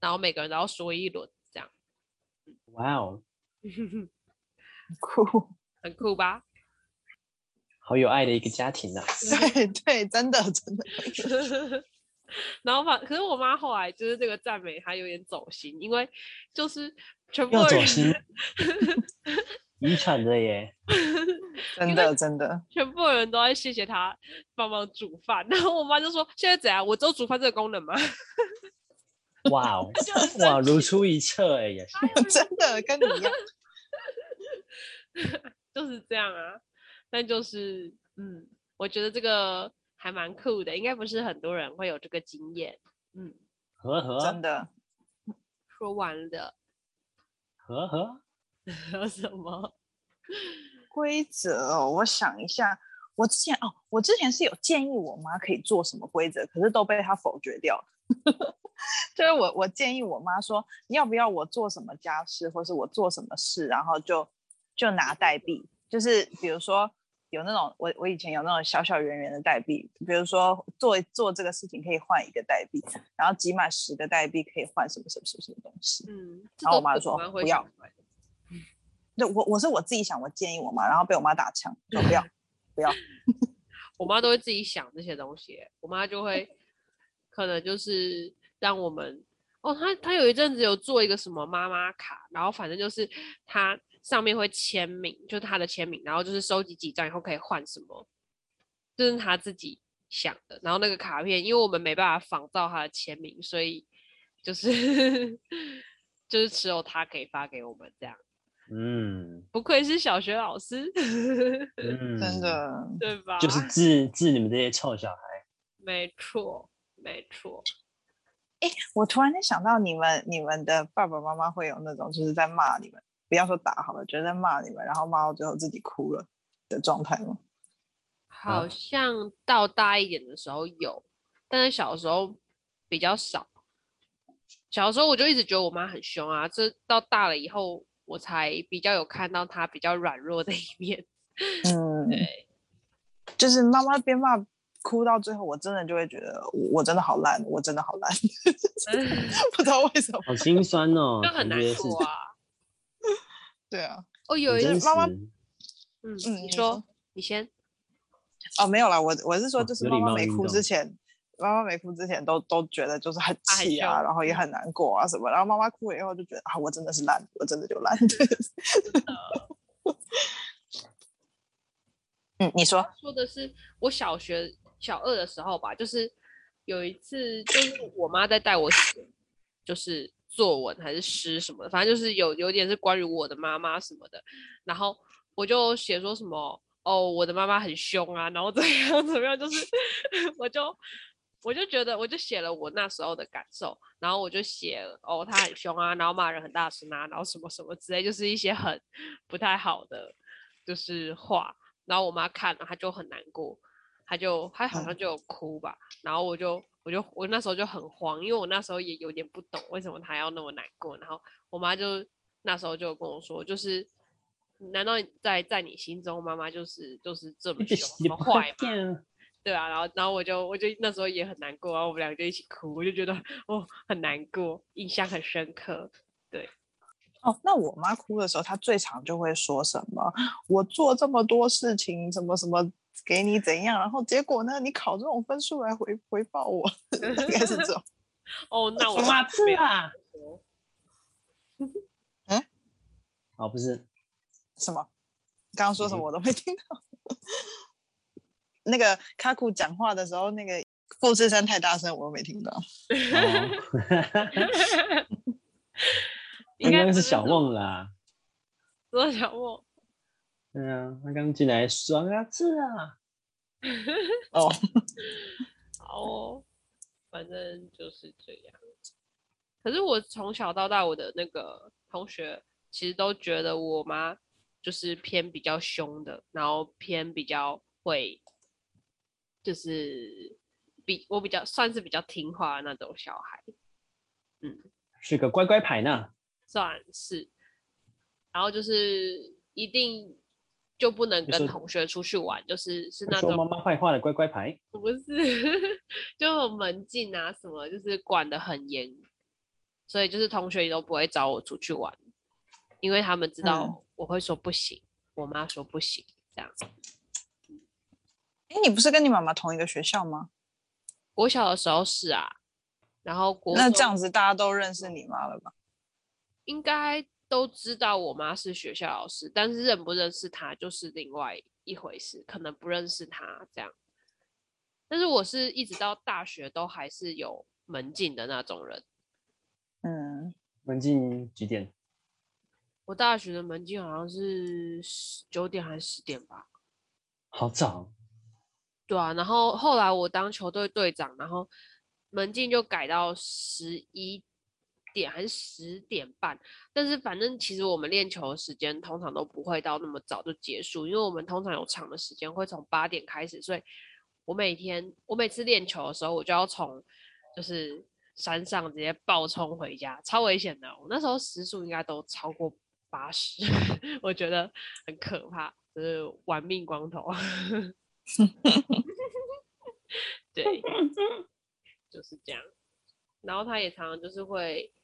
然後每個人都要說一輪這樣。哇哦 Wow， 很酷，很酷吧？好有愛的一個家庭啊！對對，真的真的。 然後吧，可是我媽後來就是這個讚美，她有點走心，因為就是全部人，走心，遺傳 的耶，真的 真的，全部人都在謝謝她幫忙煮飯，然後我媽就說：“現在怎樣？我只有煮飯這個功能嗎？”哇 哦 Wow,，哇，如出一轍哎、欸， 真的跟你一樣， 就是這樣啊，但就是嗯，我覺得這個。還蠻酷的，應該不是很多人會有這個經驗。嗯，呵呵真的呵說完了，呵呵呵，什麼？規則，我想一下，我之前哦，我之前是有建議我媽可以做什麼規則，可是都被她否決掉了。 就是我我建議我媽說，要不要我做什麼家事，或是我做什麼事，然後就就拿代幣，就是比如說。有那種，我我以前有那種小小圓圓的代幣，比如說做做這個事情可以換一個代幣，然後集滿十個代幣可以換什麼什麼什麼什麼東西。嗯，這個、然後我媽說我媽會不要。那我我是我自己想，我建議我媽，然後被我媽打槍，說不要不要。 我媽都會自己想這些東西，我媽就會可能就是讓我們哦，她她有一陣子有做一個什麼媽媽卡，然後反正就是她。上面會簽名，就是他的簽名，然後就是收集幾張以後可以換什麼，就是他自己想的。然後那個卡片，因為我們沒辦法仿造他的簽名，所以就是就是只有他可以發給我們這樣。嗯，不愧是小學老師，嗯、 真的，對吧？就是治治你們這些臭小孩，沒錯，沒錯。哎，我突然間想到，你們你們的爸爸媽媽會有那種就是在罵你們。不要說打好了，就在罵你們，然後罵到最後自己哭了的狀態嗎？好像到大一點的時候有，但是小時候比較少。小時候我就一直覺得我媽很兇啊，這到大了以後我才比較有看到她比較軟弱的一面。嗯，對，就是媽媽邊罵哭到最後，我真的就會覺得我真的好爛，我真的好爛，不知道為什麼，好心酸哦，都很難過啊。 對啊，哦，有一次媽媽，嗯說嗯，你說你先。哦，沒有啦，我我是說就是媽媽沒哭之前，媽媽沒哭之前都都覺得就是很氣啊，啊然後也很難過啊什麼，嗯、然後媽媽哭了以後就覺得啊，我真的是爛，我真的就爛。對嗯，你說媽媽說的是我小學小二的時候吧，就是有一次就是我媽在帶我就是。作文還是詩什麼的，反正就是有有點是關於我的媽媽什麼的，然後我就寫說什麼哦，我的媽媽很兇啊，然後怎樣怎樣，就是我就我就覺得我就寫了我那時候的感受，然後我就寫哦，她很兇啊，然後罵人很大聲啊，然後什麼什麼之類，就是一些很不太好的就是話，然後我媽看了，她就很難過，她就她好像就有哭吧，然後我就。我就我那時候就很慌，因為我那時候也有點不懂為什麼他要那麼難過。然後我媽就那時候就跟我說，就是難道在在你心中，媽媽就是就是這麼兇這麼壞嗎？對啊，然後然後我就我就那時候也很難過，然後我們兩個就一起哭，我就覺得哦，很難過，印象很深刻。對，哦，那我媽哭的時候，她最常就會說什麼？我做這麼多事情，什麼什麼。給你怎樣，然後結果呢？你考這種分數來回回報我，應該是這種。 哦，那我……馬刺啊！嗯，哦，不是。什麼？剛剛說什麼我都沒聽到。 那個卡庫講話的時候，那個富士山太大聲，我都沒聽到。應該是小夢啦、啊。說小夢。對呀、嗯、他剛進來爽啊，吃啊！哦， oh. 哦，反正就是這樣。可是我從小到大，我的那個同學其實都覺得我媽就是偏比較兇的，然後偏比較會，就是比我比較算是比較，算是比較聽話的那種小孩。嗯，是個乖乖牌呢，算是。然後就是一定。就不能跟同學出去玩，說就是是那種媽媽壞話的乖乖牌，不是， 就門禁啊什麼，就是管的很嚴，所以就是同學也都不會找我出去玩，因為他們知道我會說不行，嗯、我媽說不行這樣子。哎，你不是跟你媽媽同一個學校嗎？國小的時候是啊，然後國那這樣子大家都認識你媽了吧？應該。都知道我媽是學校老師，但是認不認識她就是另外一回事，可能不認識她這樣。但是，我是一直到大學都還是有門禁的那種人。嗯，門禁幾點？我大學的門禁好像是九點還是十點吧。好早。對啊，然後後來我當球隊隊長，然後門禁就改到十一。點還是十點半，但是反正其實我們練球的時間通常都不會到那麼早就結束，因為我們通常有長的時間會從八點開始，所以我每天我每次練球的時候，我就要從就是山上直接暴衝回家，超危險的。我那時候時速應該都超過八十，我覺得很可怕，就是玩命關頭。 對，就是這樣。然後他也常常就是會。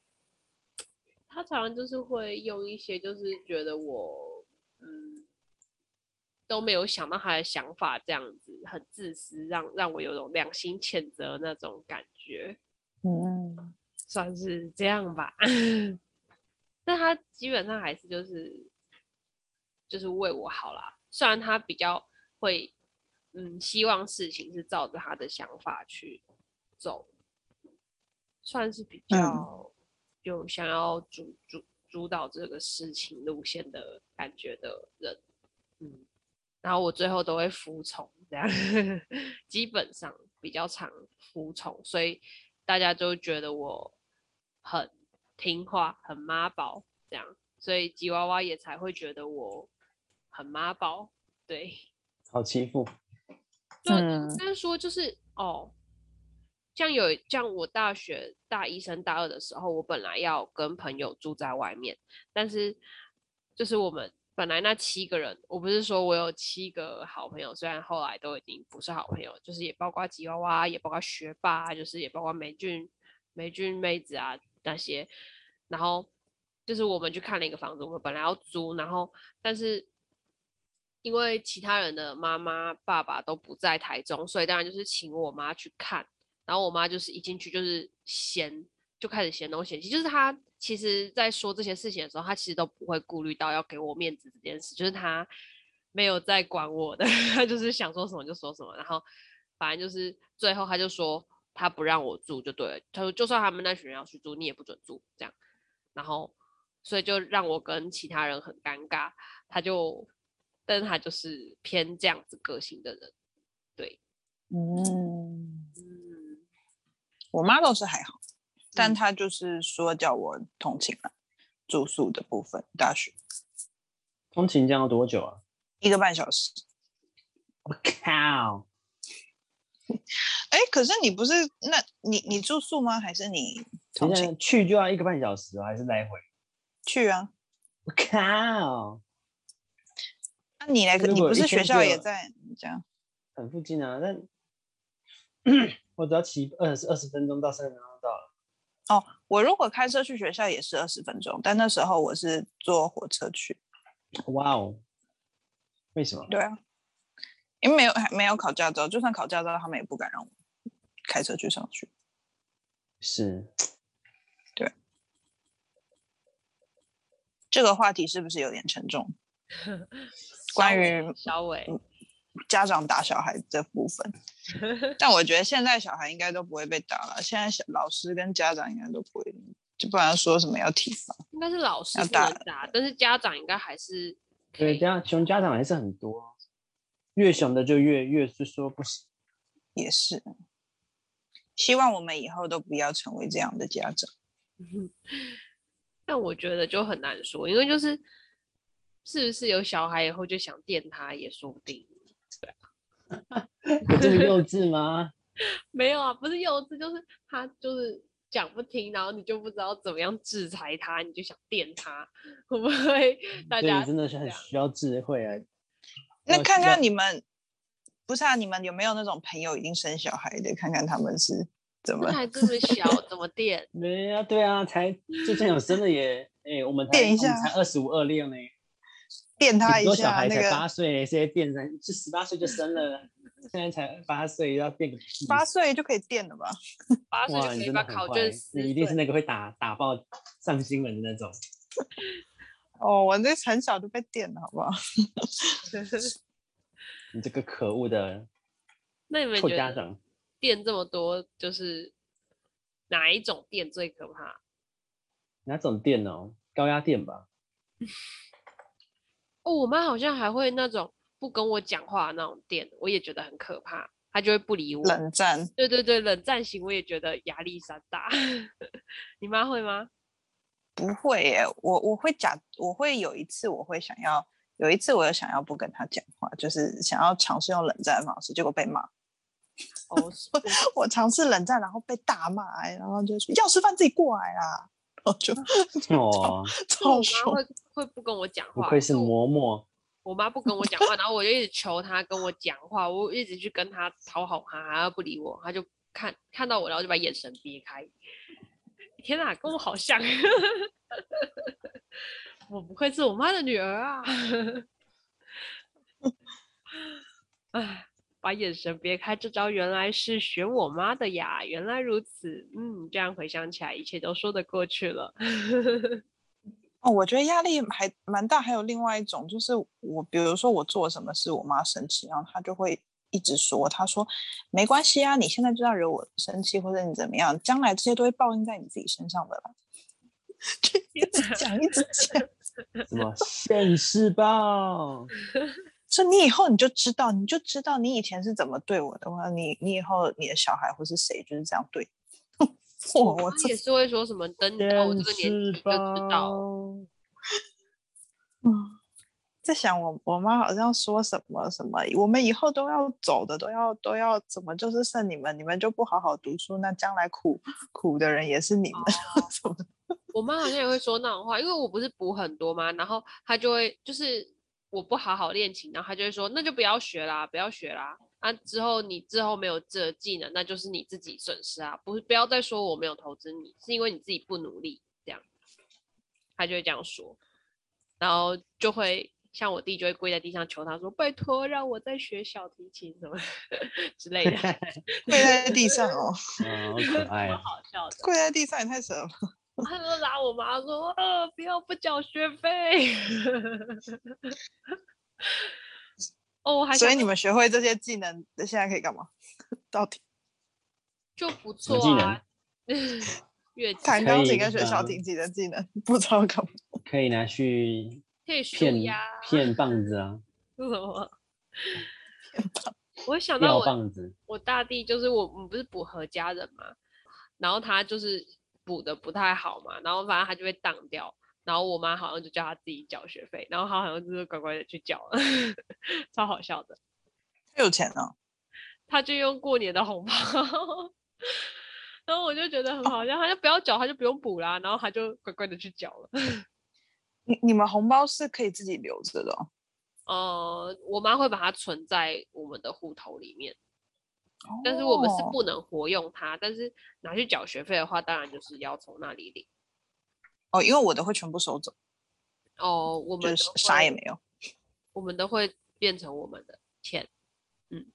他常常就是會用一些，就是覺得我，嗯，都沒有想到他的想法，這樣子很自私，讓讓我有種良心譴責的那種感覺，嗯，算是這樣吧。 但他基本上還是就是就是為我好啦，雖然他比較會，嗯，希望事情是照着他的想法去走，算是比較。嗯就想要主主主導這個事情路線的感覺的人，嗯，然後我最後都會服從這樣， 基本上比較常服從，所以大家都覺得我很聽話、很媽寶這樣，所以吉娃娃也才會覺得我很媽寶，對，好欺負。就嗯，但說就是哦。像有像我大學大一、升大二的時候，我本來要跟朋友住在外面，但是就是我們本來那七個人，我不是說我有七個好朋友，雖然後來都已經不是好朋友，就是也包括吉娃娃，也包括學霸，就是也包括黴菌、黴菌妹子啊那些，然後就是我們去看了一個房子，我們本來要租，然後但是因為其他人的媽媽、爸爸都不在台中，所以當然就是請我媽去看。然後我媽就是一進去就是嫌，就開始嫌東嫌西。就是她其實，在說這些事情的時候，她其實都不會顧慮到要給我面子這件事。就是她沒有在管我的，她就是想說什麼就說什麼。然後，反正就是最後，她就說她不讓我住就對了。她就說就算他們那群人要去住，你也不准住這樣。然後，所以就讓我跟其他人很尷尬。她就，但是她就是偏這樣子個性的人，對，嗯。我媽倒是還好，但她就是說叫我通勤啊，住宿的部分，大學。通勤要多久啊？一個半小時。我靠！哎，可是你不是那你你住宿嗎？還是你通勤去就要一個半小時，還是來回？去啊！我靠！那你來，你不是學校也在這樣？很附近啊，但。 我只要騎二二十分鐘到三十分鐘到了。哦，我如果開車去學校也是二十分鐘，但那時候我是坐火車去。哇哦、wow！為什麼？對啊，因為沒有沒有考駕照，就算考駕照，他們也不敢讓我開車去上學。是。對。這個話題是不是有點沉重？ 尾關於於小偉。家長打小孩這部分， 但我覺得現在小孩應該都不會被打了。現在小老師跟家長應該都不會，就不然說什麼要體罰，應該是老師打，打了，但是家長應該還是，對，這樣熊家長還是很多，越熊的就越越是說不行，也是，希望我們以後都不要成為這樣的家長。 但我覺得就很難說，因為就是是不是有小孩以後就想電他，也說不定。 這麼幼稚嗎？ 沒有啊，不是幼稚，就是他就是講不聽，然後你就不知道怎麼樣制裁他，你就想電他，會不會？大家真的是很需要智慧啊。那看看你們，要要不是、啊、你們有沒有那種朋友已經生小孩的？看看他們是怎麼還這麼小，怎麼電？沒啊，對啊，才最近有生了耶哎、 欸，我們電一下，才二十五二六呢。電他一下，很多小孩歲、欸那個，在八歲，那在電人是十八歲就生了，現在才八歲要電個屁！八歲就可以電了吧？八歲就可以把考卷撕？你一定是那個會打打爆上新聞的那種。 哦，我這很小就被電了，好不好？ 你這個可惡的家長，那你們覺得電這麼多就是哪一種電最可怕？哪種電哦？高壓電吧？ 哦，我媽好像還會那種不跟我講話那種點，我也覺得很可怕。她就會不理我，冷戰。對對對，冷戰型，我也覺得壓力山大。 你媽會嗎？不會耶，我我會假，我會有一次，我會想要有一次，我又想要不跟他講話，就是想要嘗試用冷戰方式，結果被罵。 我我嘗試冷戰，然後被打罵，然後就說要吃飯自己過來啦。 就哦，就哦，超凶！我媽會會不跟我講話，不愧是嬤嬤。我媽不跟我講話， 然後我就一直求她跟我講話，我一直去跟她討好她，她不理我，她就看看到我，然後就把眼神別開。天哪，跟我好像， 我不愧是我媽的女兒啊！哎。 把眼神別開這招原來是學我媽的呀，原來如此，嗯，這樣回想起來一切都說得過去了。 哦，我覺得壓力還蠻大。還有另外一種就是我，比如說我做什麼事我媽生氣，然後她就會一直說，她說沒關係啊，你現在就要惹我生氣或者你怎麼樣，將來這些都會報應在你自己身上的啦。一直講一直講，什麼現世報？ 說，你以後你就知道，你就知道你以前是怎麼對我的話，你你以後你的小孩會是誰，就是這樣對。我 我哇也是會說什麼，等你到我這個年紀就知道。嗯，在想我我媽好像說什麼什麼，我們以後都要走的，都要都要怎麼就是剩你們，你們就不好好讀書，那將來苦苦的人也是你們、哦、麼我媽好像也會說那種話，因為我不是補很多嘛，然後她就會就是。我不好好練琴，然後他就會說，那就不要學啦，不要學啦。那、啊、之後你之後沒有這技能，那就是你自己損失啊，不不要再說我沒有投資你，是因為你自己不努力這樣。他就會這樣說，然後就會像我弟就會跪在地上求他說，拜託讓我再學小提琴什麼之類的，跪 在地上哦， 嗯、好，好笑，跪在地上也太扯了。我還要拉我媽說：“啊、不要不繳學費。”哦，所以你們學會這些技能，現在可以幹嘛？到底就不錯啊！嗯，樂彈鋼琴跟學小提琴的技能，不知道搞不？可以拿去可以騙呀，騙棒子啊！是什麼？騙棒？我想到我我大弟就是我們不是補和家人嘛，然後他就是。補的不太好嘛，然後反正他就會擋掉，然後我媽好像就叫他自己繳學費，然後他好像就是乖乖的去繳了呵呵，超好笑的。有錢了他就用過年的紅包呵呵，然後我就覺得很好笑，哦、他就不要繳，他就不用補啦，啊，然後他就乖乖的去繳了。你你們紅包是可以自己留着的哦。哦、呃，我媽會把它存在我們的戶頭裡面。但是我們是不能活用它，oh. 但是拿去繳學費的話，當然就是要從那裡領。哦，oh, 因為我的會全部收走。哦，oh, 我們啥也沒有。我們都會變成我們的錢，嗯。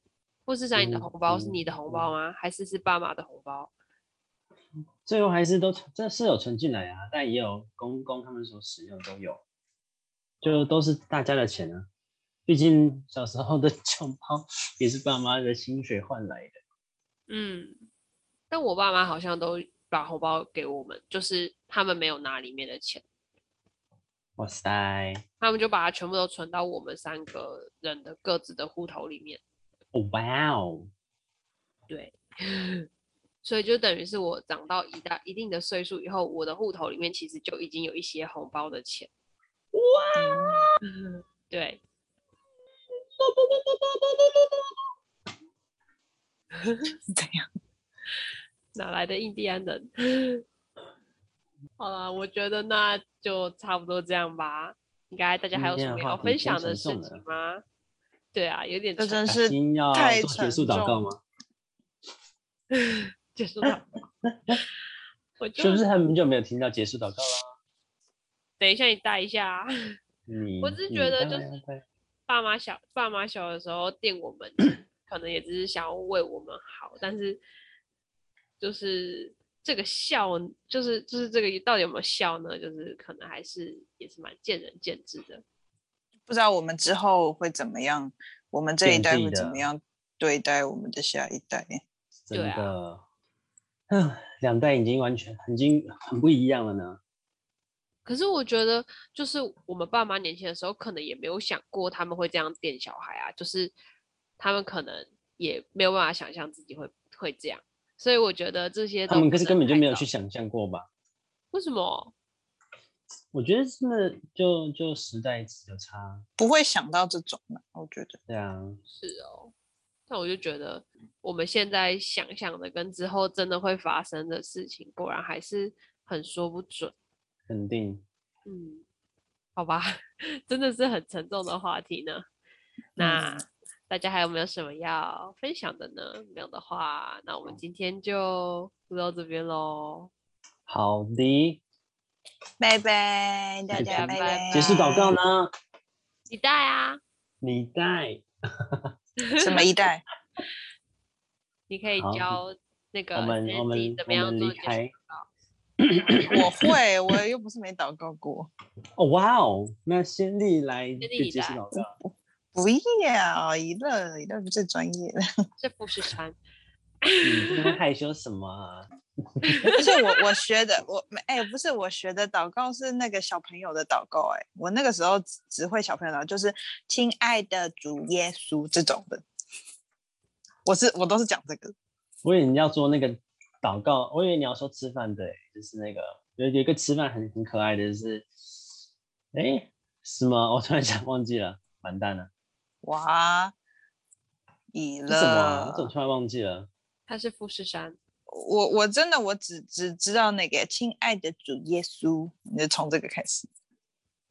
護士長，你的紅包、嗯嗯、是你的紅包嗎？還是是爸媽的紅包？最後還是都，這是有存進來啊，但也有公公他們所使用都有，就都是大家的錢啊。嗯畢竟小時候的紅包也是爸媽的薪水換來的。嗯，但我爸媽好像都把紅包給我們，就是他們沒有拿裡面的錢。哇塞！他們就把它全部都存到我們三個人的各自的戶頭裡面。哦，哇哦！對，所以就等於是我長到一大一定的歲數以後，我的戶頭裡面其實就已經有一些紅包的錢。哇、嗯！對。這 樣，哪來的印第安人？好了，我覺得那就差不多這樣吧。應該大家還有什麼要分享的事情嗎？對啊，有點真是太沉重嗎？ 結束禱告， 是不是很久沒有聽到結束禱告了啊？ 等一下，你帶一下。你我只是覺得就是。爸媽小，爸媽小的時候電我們， 可能也只是想要為我們好，但是就是這個效，就是就是這個到底有沒有效呢？就是可能還是也是蠻見仁見智的。不知道我們之後會怎麼樣，我們這一代會怎麼樣對待我們的下一代？真的，對啊。嗯，兩代已經完全已經很不一樣了呢。可是我覺得，就是我們爸媽年輕的時候，可能也沒有想過他們會這樣變小孩啊,就是他們可能也沒有辦法想象自己會會這樣，所以我覺得這些他們可是根本就沒有去想象過吧？為什麼？我覺得是就就時代有差，不會想到這種的啊，我覺得。對啊，是哦。那我就覺得我們現在想象的跟之後真的會發生的事情，果然還是很說不準。肯定，嗯，好吧，真的是很沉重的話題呢。那、嗯、大家還有沒有什麼要分享的呢？沒有的話，那我們今天就錄到這邊嘍。好的，拜拜，大家拜拜。結束禱告呢？你帶啊。你帶。 什麼一代？ 你可以教那個我們我們。我們怎麼樣做結束 我會，我又不是沒禱告過。哦，哇哦，那先例來，先來就禱告。不要，一樂，李樂不是專業的，這不是穿。你害羞什麼、啊？不是 我，我學的，我沒哎、欸，不是我學的禱告是那個小朋友的禱告，哎，我那個時候只只會小朋友的，就是親愛的主耶穌這種的。我是我都是講這個，所以你要做那個。禱告，我以為你要說吃飯的，就是那個有有一個吃飯很很可愛的，就是，哎，是嗎？我突然想忘記了，完蛋了。哇，以勒，我怎麼突然忘記了？他是富士山，我我真的我只只知道那個親愛的主耶穌，你就從這個開始，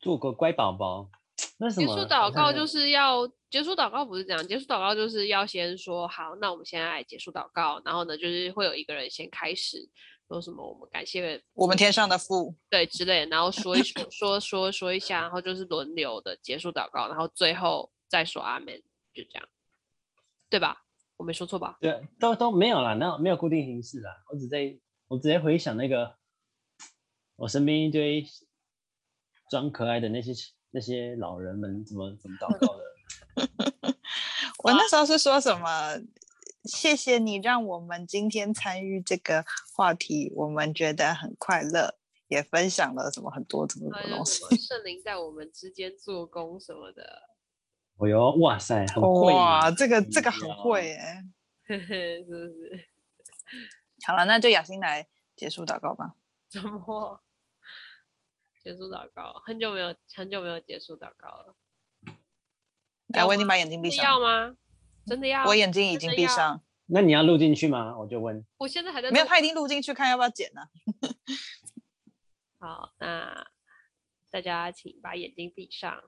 做個乖寶寶。那什麼？結束禱告就是要結束禱告，不是這樣。結束禱告就是要先說好，那我們現在來結束禱告。然後呢，就是會有一個人先開始說什麼“我們感謝我們天上的父”對之類，然後說一說， 說，說說說一下，然後就是輪流的結束禱告，然後最後再說阿門，就這樣，對吧？我沒說錯吧？對，都都沒有啦，那沒有固定形式啦。我只在，我直接回想那個，我身邊一堆裝可愛的那些。那些老人們怎麼怎麼禱告的？ 我那時候是說什麼？謝謝你讓我們今天參與這個話題，我們覺得很快樂，也分享了什麼很多怎麼很多東西。聖靈、啊就是、在我們之間做工什麼的。哦呦，哇塞，很會。哇，嗯、這個這個很貴哎， 是不是？好了，那就雅欣來結束禱告吧。怎麼？結束禱告，很久沒有，很久沒有結束禱告了。來、欸，我已經把眼睛閉上了。要嗎？真的要？我眼睛已經閉上了。那你要錄進去嗎？我就問。我現在還在。沒有，他已經錄進去，看要不要剪了、啊。 好，那大家請把眼睛閉上。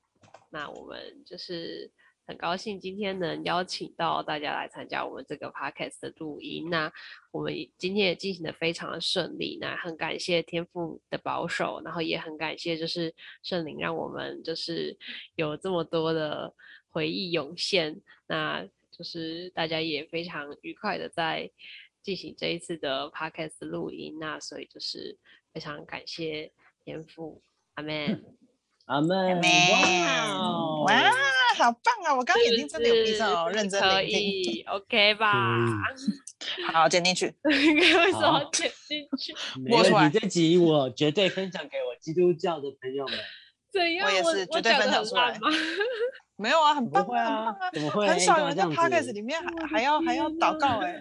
那我們就是。很高興今天能邀請到大家來參加我們這個 podcast 的錄音。那我們今天也進行的非常的順利。那很感謝天父的保守，然後也很感謝就是聖靈讓我們就是有這麼多的回憶湧現。那就是大家也非常愉快的在進行這一次的 podcast 錄音。那所以就是非常感謝天父。阿門。阿門，哇，好棒啊！我剛剛眼睛真的有閉上哦，認真聆聽。OK 吧，好，剪進去。應該為什麼剪進去？沒問題，這集我絕對分享給我基督教的朋友們。怎樣？我我講出來嗎？沒有啊，很棒啊，很棒啊！怎麼會？很少有人在 podcast 裡面還要還要禱告哎。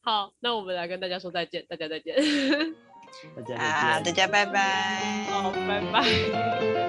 好，那我們來跟大家說再見，大家再見。大家啊，大家拜拜。好，拜拜。